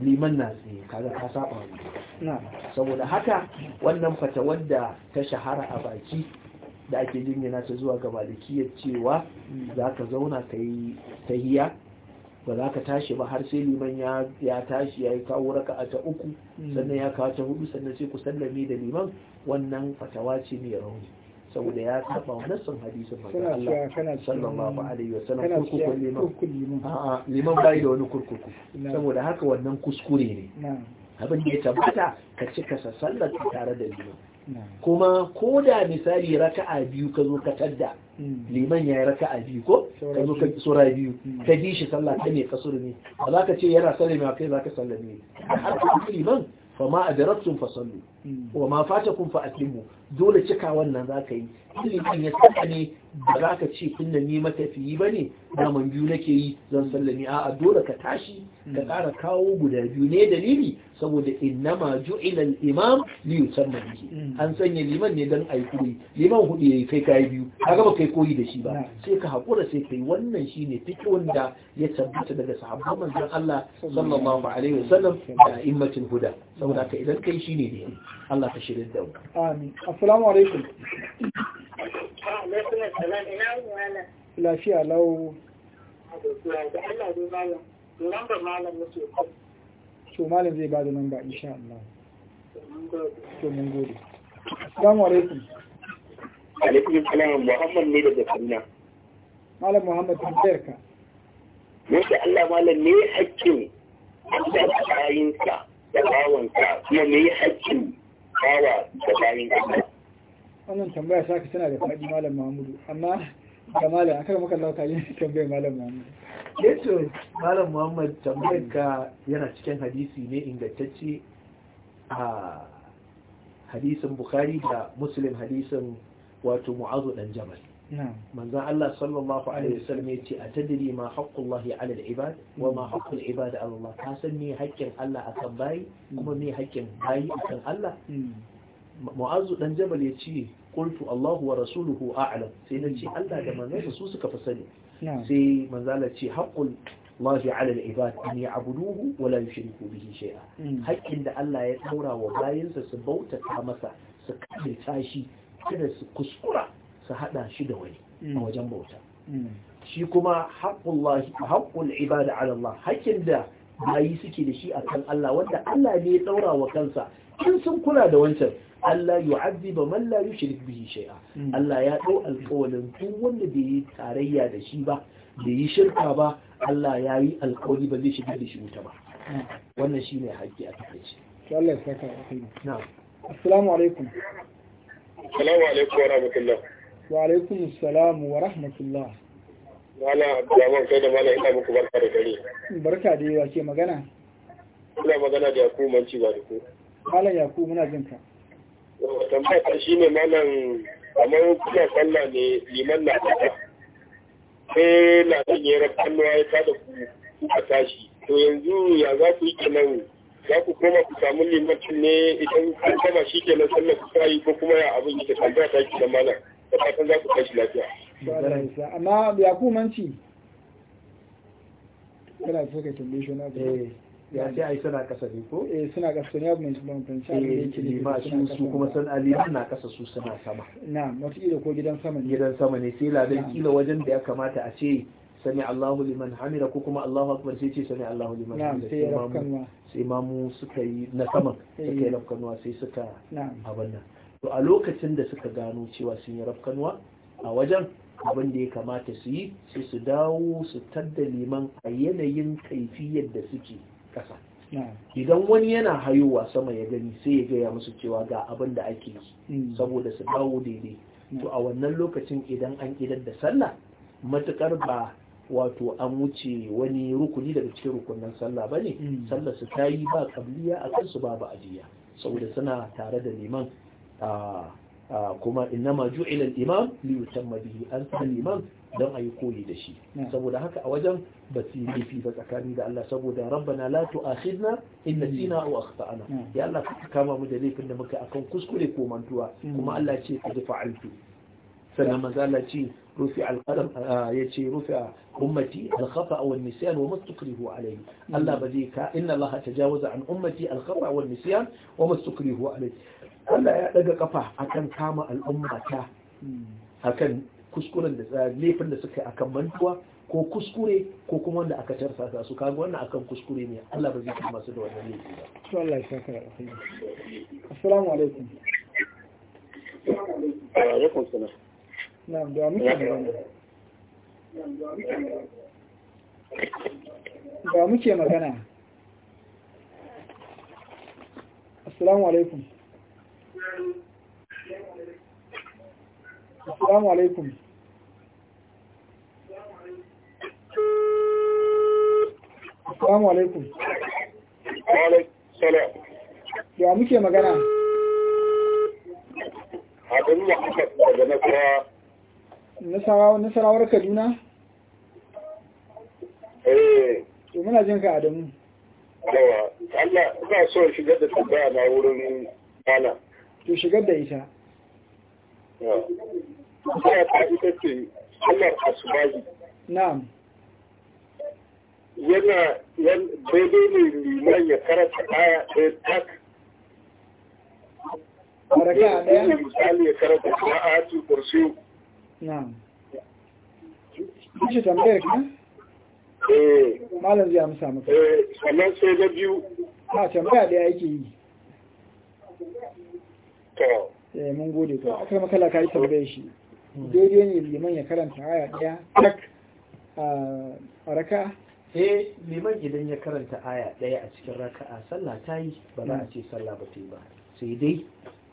liman na tsaye kaga ka saba wa saboda haka wannan fatawar da ta shahara a baki da ake jingina ta zuwa ga malikiyar cewa za ka zauna ka yi tahiya ba za ka tashi ba har sai liman ya tashi ya yi kawo raka'a ta uku hmm. sannan ya kawo ta hudu sannan sai ku sallame da liman wannan fatawa ce mai rauni saboda ya saba wa nassan hadisin manzo Allah sallallahu alaihi kurkukun liman a'a liman bai da wani kurkuku saboda haka wannan kuskure ne abin da ya tabbata ka cika sa sallar tare da liman kuma ko da misali raka'a biyu ka zo ka tadda hmm. liman ya yi raka'a biyu ko ka zo ka tsora biyu hmm. ka bi shi sallah ta ne kasur ne ba za ka ce yana mai kai za ka ne har ka liman fa ma adraktum fa sallu hmm. wa ma fatakum fa atlimu dole cika wannan za ka yi liman ya saka ne ba za ka ce kunna ni matafiyi ba ne man biyu nake yi zan ne. a'a dole ka tashi ka ƙara kawo guda biyu ne dalili saboda innama ju'ila al-imam li yusamma bihi mm. an sanya liman ne dan ayi koyi liman hudu yayi kai kai biyu kaga ba kai koyi da shi ba mm. sai ka hakura sai kai wannan shine fiqhun da ya tabbata daga sahabban manzon Allah sallallahu alaihi wasallam da immatul huda saboda ka idan kai shine ne Allah ka shirye da mu amin assalamu alaikum lafiya lau Allah dai malam malam yake so malam zai bada nan ba insha Allah to mun gode assalamu alaikum alaikum salam muhammad ne daga kaduna malam muhammad tambayar ka yake Allah malam ne hakkin Allah da bayinsa da ka kuma ne hakkin bawa da bayinsa wannan tambaya saka tana da fadi malam mahmudu amma ga a kan makan lauka yin tambayar malam muhammad ya eh ce malam muhammad tambayar ka yana cikin hadisi ne ingantacce a hadisin bukhari da muslim hadisin wato mu'azu dan jabal manzan Allah sallallahu alaihi wasallam ya ce a tadiri ma haqqullahi ala al-ibad wa ma haqqul ibad ala Allah ka san me haƙƙin Allah akan bayi kuma me haƙƙin bayi akan Allah hmm. mu'azu dan jabal ya ce qultu Allahu wa rasuluhu a'lam sai na ce Allah da manzansa su suka fi sani sai manzala ce haqqul lahi ala al-ibad an ya'buduhu wa la yushriku bihi shay'a hmm. haƙƙin da Allah ya daura wa bayinsa su bautata masa su kafirta shi kada su kuskura su hada shi da wani a hmm. wajen bauta hmm. shi kuma haƙƙul ibada ala Allah haƙƙin da bayi suke da shi a kan Allah wanda Allah ne ya daura wa kansa in sun kula da wancan Allah yi yu'azziba man la yushrik bihi shay'a hmm. Allah ya dau alƙawarin duk wanda bai yi tarayya da shi ba bai yi shirka ba Allah ya yi alƙawari ba zai shiga da shi wuta ba wannan shi ne haƙƙi a takaice shi. Allah ya saka na'am assalamu alaikum assalamu alaikum wa rahmatullah wa alaikum assalam wa rahmatullah wala abdulrahman kai da mala ina muku barka da dare barka da yawa ke magana ina magana da yakubu manci ba da ku malam yakubu muna jin ka tambayar ta shi ne malam kamar kuna sallah ne liman na haka sai na son yi rakannuwa ya tada ku kuka tashi to yanzu ya za ku yi kenan za ku koma ku samu limacin ne idan kun kama shi kenan sallar ku ta yi ko kuma ya abin yake tambaya ta ki da malam da fatan za ku tashi lafiya. amma ya ku manci kana so ka tambaye shi na ya ce ai suna kasa ne ko eh suna kasa ne abin da ban fahimci abin da eh, yake ne ba shi su kuma san ali na kasa su suna sama na'am wata ila ko gidan sama ne gidan sama ne sai ladan kila wajen da ya kamata a ce sami Allahu liman hamira ko kuma Allahu akbar sai ce sami Allahu liman hamida sai mamu sai mamu suka yi na sama eh. suka yi rafkanwa sai suka abin nan to a lokacin da suka gano cewa sun yi rafkanwa a wajen abin da ya kamata su yi sai su dawo su tadda liman a yanayin kaifiyar da suke ƙasa idan wani yana hayowa sama ya gani sai ya gaya musu cewa ga abin da ake yi mm. saboda su dawo daidai mm. to a wannan lokacin idan an idar da sallah matukar ba wato an wuce wani rukuni daga cikin rukunin sallah ba ne mm. sallah su ta yi ba kabliya a kansu ba ba ajiya saboda suna tare da liman kuma inna ma ju'ilal imam li yutamma an san liman don a yi koyi da shi saboda haka a wajen ba su yi ba tsakani da Allah saboda rabbana la tu'akhidna inna mm. nasina aw akhtana ya Allah ka kama mu da laifin da muka akan kuskure ko mantuwa mm. kuma Allah ce ka ji fa'altu sannan manzo Allah ce rufi alqalam uh, yace rufi ummati alkhata wa nisyan wa mastukrihu alayhi mm. Allah ba zai ka inna Allah tajawaza an ummati alkhata wa nisyan wa mastukrihu alayhi Allah ya daga kafa akan kama al'ummata akan kuskuren da laifin da suka yi akan mantuwa ko kuskure ko kuma wanda aka tarsa su kaga wannan akan kuskure ne Allah ba zai kuma su da wannan laifi ba to Allah ya saka da alheri assalamu alaikum wa alaikum na'am da muke magana da muke magana assalamu alaikum assalamu alaikum assalamu alaikum ya muke magana haɗin da aka daga nasarawa nasarawar kaduna? eh to muna adamu Allah ina so shigar da tambaya wurin malam to shigar da ita Kuma ta ce Yana daidai ne liman ya karanta ɗaya ɗaya tak. Baraka ɗaya? Misali ya karanta sa'atu kursiyu. Na'am. Kici tambayar ka? Eh. Malam zai amsa maka. Eh, sannan sai na biyu. Ha, tambaya da yake yi. Eh, mun gode to akwai karma kala yi tambaye shi daidai ne liman ya karanta aya daya tak a raka he eh, liman idan ya karanta aya daya a cikin raka'a sallah ta yi ba za a ce sallah ba ta yi ba sai dai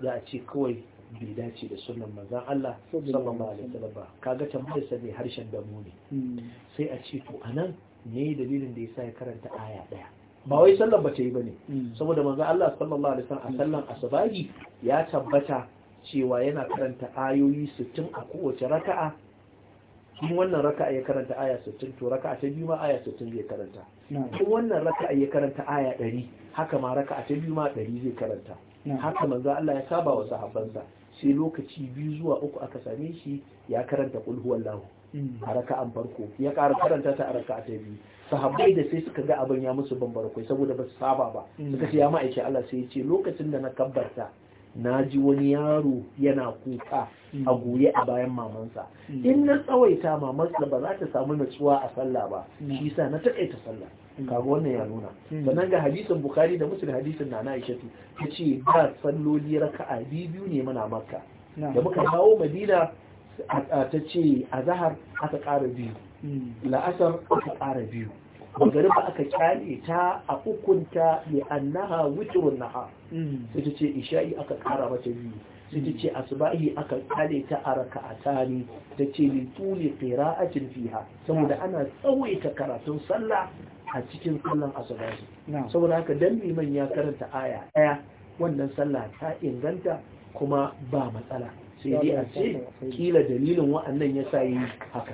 za a ce kawai bai dace da sunan manzan Allah sallallahu alaihi wasallam ba kaga tambayar sa ne harshen damu ne hmm. sai a ce to anan me dalilin da yasa ya karanta aya daya ba wai sallan ba ta yi ne hmm. saboda manzo Allah sallallahu alaihi wasallam a sallan hmm. asbahi ya tabbata cewa yana karanta ayoyi 60 a kowace raka'a in wannan raka'a ya karanta aya 60 to raka'a ta biyu ma aya 60 zai karanta in wannan raka'a ya karanta aya 100 haka ma raka'a ta biyu ma 100 zai karanta haka manzo Allah ya saba wa sahabbansa sai lokaci biyu zuwa uku aka same shi ya karanta kul huwallahu hmm. a raka'an farko ya ƙara karanta ta a raka'a ta biyu sahabbai da sai suka ga abin ya musu bambarkwai saboda ba su saba ba mm. suka ce ya ma'aikin Allah sai ya ce lokacin da na kabbarta na ji wani yaro yana kuka mm. a goye a bayan mamansa mm. in na tsawaita mamansa ba za ta samu natsuwa a sallah ba shi yasa na takaita sallah kaga wannan ya nuna sannan ga hadisin bukhari da muslim hadisin nana aishatu ta ce ba salloli raka'a biyu ne muna makka da muka dawo madina ta ce a zahar aka kara biyu Hmm. la'asar aka ƙara biyu magariba aka kyale ta a hukunta mai annaha wuturun naha hmm. sai ta ce isha'i aka ƙara mata biyu sai ta ce asbahi aka kyale ta a a tani ta ce lituli qira'atin fiha saboda ana ta karatun sallah a cikin sallan asubahi saboda haka dan liman ya karanta aya ɗaya wannan sallah ta inganta kuma ba matsala sai dai a ce kila dalilin wa'annan ya sa yi haka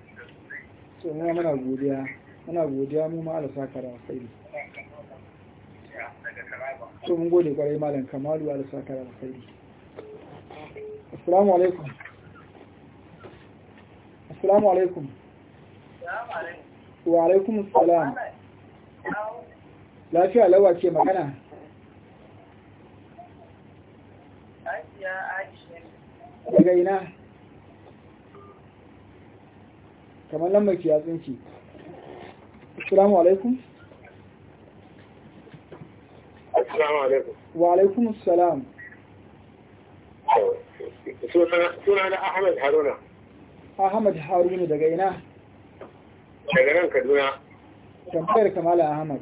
to mu muna godiya muna godiya mu ma alasa ka da alkhairi to mun gode kwarai malam kamalu alasa ka da alkhairi assalamu alaikum assalamu alaikum wa alaikum assalam lafiya lawa ce magana daga ina kamar lambar ki ya tsinci assalamu alaikum assalamu alaikum wa alaikum assalam suna na ahmad haruna ahmad haruna daga ina daga nan kaduna tambayar kamala ahmad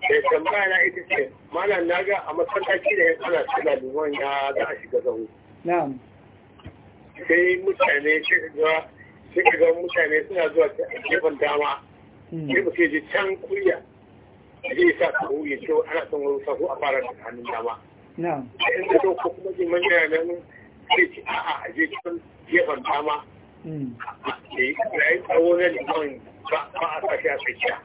sai eh, tambaya na ita ce Mana na ga a masallaci da ya tsana tsala liman ya za a shiga zaho na'am sai mutane sai zuwa. sai ka ga mutane suna zuwa gefen dama sai ba sai can kuriya a je sa sahu ya ce ana son wani sahu a fara da hannun dama a inda zo ko kuma liman yana nan sai ce a'a a je can gefen dama hmm. ya yi tsawo na liman ba a sashi a tsakiya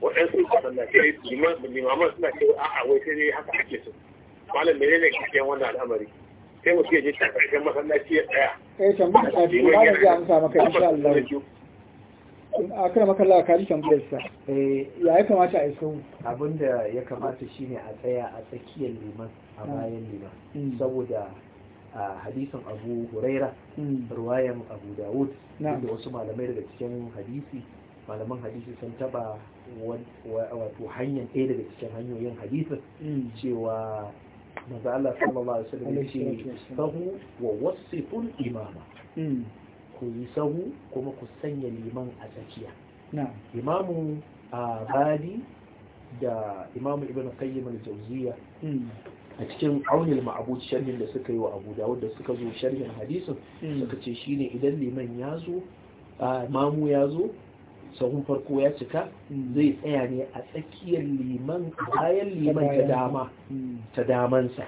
waɗansu masallatai limaman suna a a'a wai sai dai haka ake so malam menene kake wannan al'amari sai mu ya je ta karshen masallaci ya tsaya eh tambayar ta ce ba zai amsa maka insha Allah a kan makalla ka ji tambayar sa eh ya kamata a iso abinda ya kamata shine a tsaya a tsakiyar liman a hmm. bayan liman hmm. saboda a hadisin abu huraira hmm. ruwayan abu dawud da wasu malamai daga cikin hadisi malaman hadisi sun taba wato hanyar ɗaya daga cikin hanyoyin hadisin cewa maza Allah sallallahu alaihi wasallam sahu wa al imama hmm. ku yi sahu kuma ku sanya liman a tsakiya imamu abadi ah, da imamu ibnu qayyim al-jawziya hmm. a cikin aunin ma'abud sharhin da suka yi wa abu dawud da suka zo sharhin hadisin hmm. suka ce shine idan liman ya ah, mamu ya zo sahun farko ya cika hmm. zai tsaya ne a tsakiyar liman bayan liman ta dama hmm. ta damansa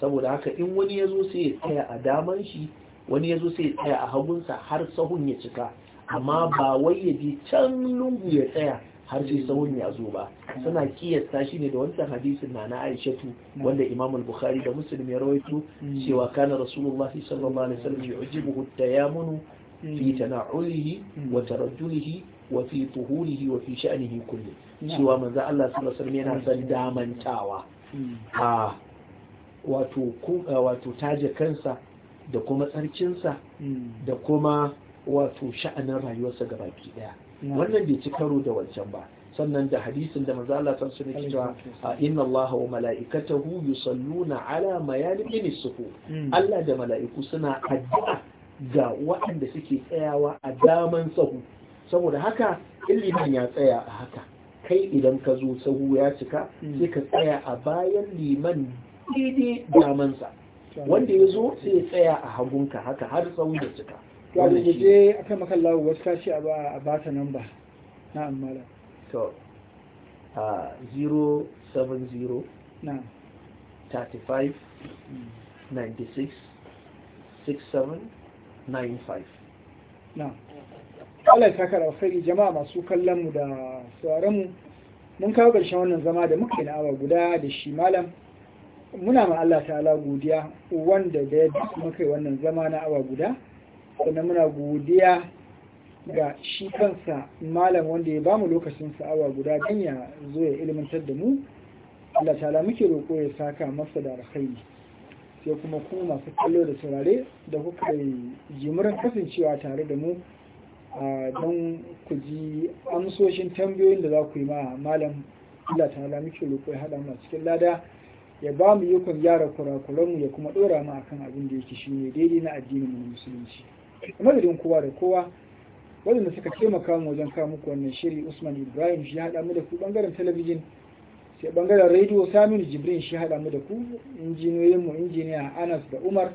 saboda haka in wani ya zo sai ya tsaya a daman shi wani ya zo sai ya tsaya a hagunsa har sahun ya cika amma ba wai ya je can lungu ya tsaya har sai sahun ya zo ba suna kiyasta shi ne da wancan hadisin na na aishatu wanda imam al-bukhari da muslim ya rawaito hmm. cewa kana rasulullah sallallahu alaihi wasallam yu'jibuhu tayammunu fi tana'ulihi wa tarajjulihi wa fi tuhurihi wa fi sha'nihi kulli cewa manzo Allah sallallahu alaihi wasallam yana san damantawa hmm. a wato wato taje kansa da kuma tsarkinsa hmm. da kuma wato sha'anin rayuwarsa gabaki daya wannan bai ci karo da wancan ba sannan da hadisin da manzo Allah sallallahu alaihi wasallam cewa inna Allah wa mala'ikatahu yusalluna ala mayalin sufu hmm. Allah da mala'iku suna addu'a ga waɗanda suke tsayawa a daman sahu saboda haka liman ya tsaya a haka kai idan ka zo sahu ya cika hmm. sai ka tsaya a bayan liman daidai hmm. damansa wanda ya zo sai ya tsaya a hagunka haka har tsawo da cika wanda ya je a kan makan lawo wasu kashi a ba ta nan ba, na amala to a 070 na 35 96 67 95 na Allah ya saka da alkhairi jama'a masu kallon mu da sauraron mu mun kawo ƙarshen wannan zama da muka yi awa guda da shi malam muna ma Allah ta'ala godiya wanda da ya muka yi wannan zama na awa guda sannan muna godiya ga shi kansa malam wanda ya bamu lokacin sa awa guda don ya zo ya ilmantar da mu Allah ta'ala muke roƙo ya saka masa da alkhairi sai kuma ku masu kallo da saurare da kuka yi jimurin kasancewa tare da mu don ku ji amsoshin tambayoyin da za ku yi ma malam Allah ta hala muke roƙo ya haɗa mu cikin lada ya ba mu yi kun gyara mu ya kuma ɗora mu akan abin da yake ne daidai na addinin mu musulunci a madadin kowa da kowa waɗanda suka taimaka mu wajen kawo muku wannan shiri Usman Ibrahim shi haɗa mu da ku ɓangaren talabijin sai ɓangaren rediyo Saminu Jibrin shi haɗa mu da ku injiniyoyinmu injiniya Anas da Umar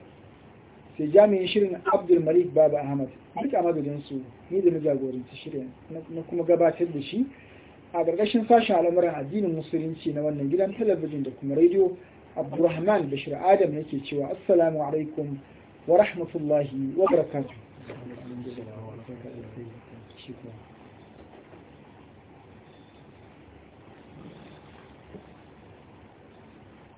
sai jami'in shirin abdul malik baba ahmad duk a madadinsu ni da na jagoranci shirin na kuma gabatar da shi a ƙarƙashin sashen al'amuran addinin musulunci na wannan gidan talabijin da kuma rediyo abdulrahman bashir adam yake cewa assalamu alaikum wa rahmatullahi wa barakatuh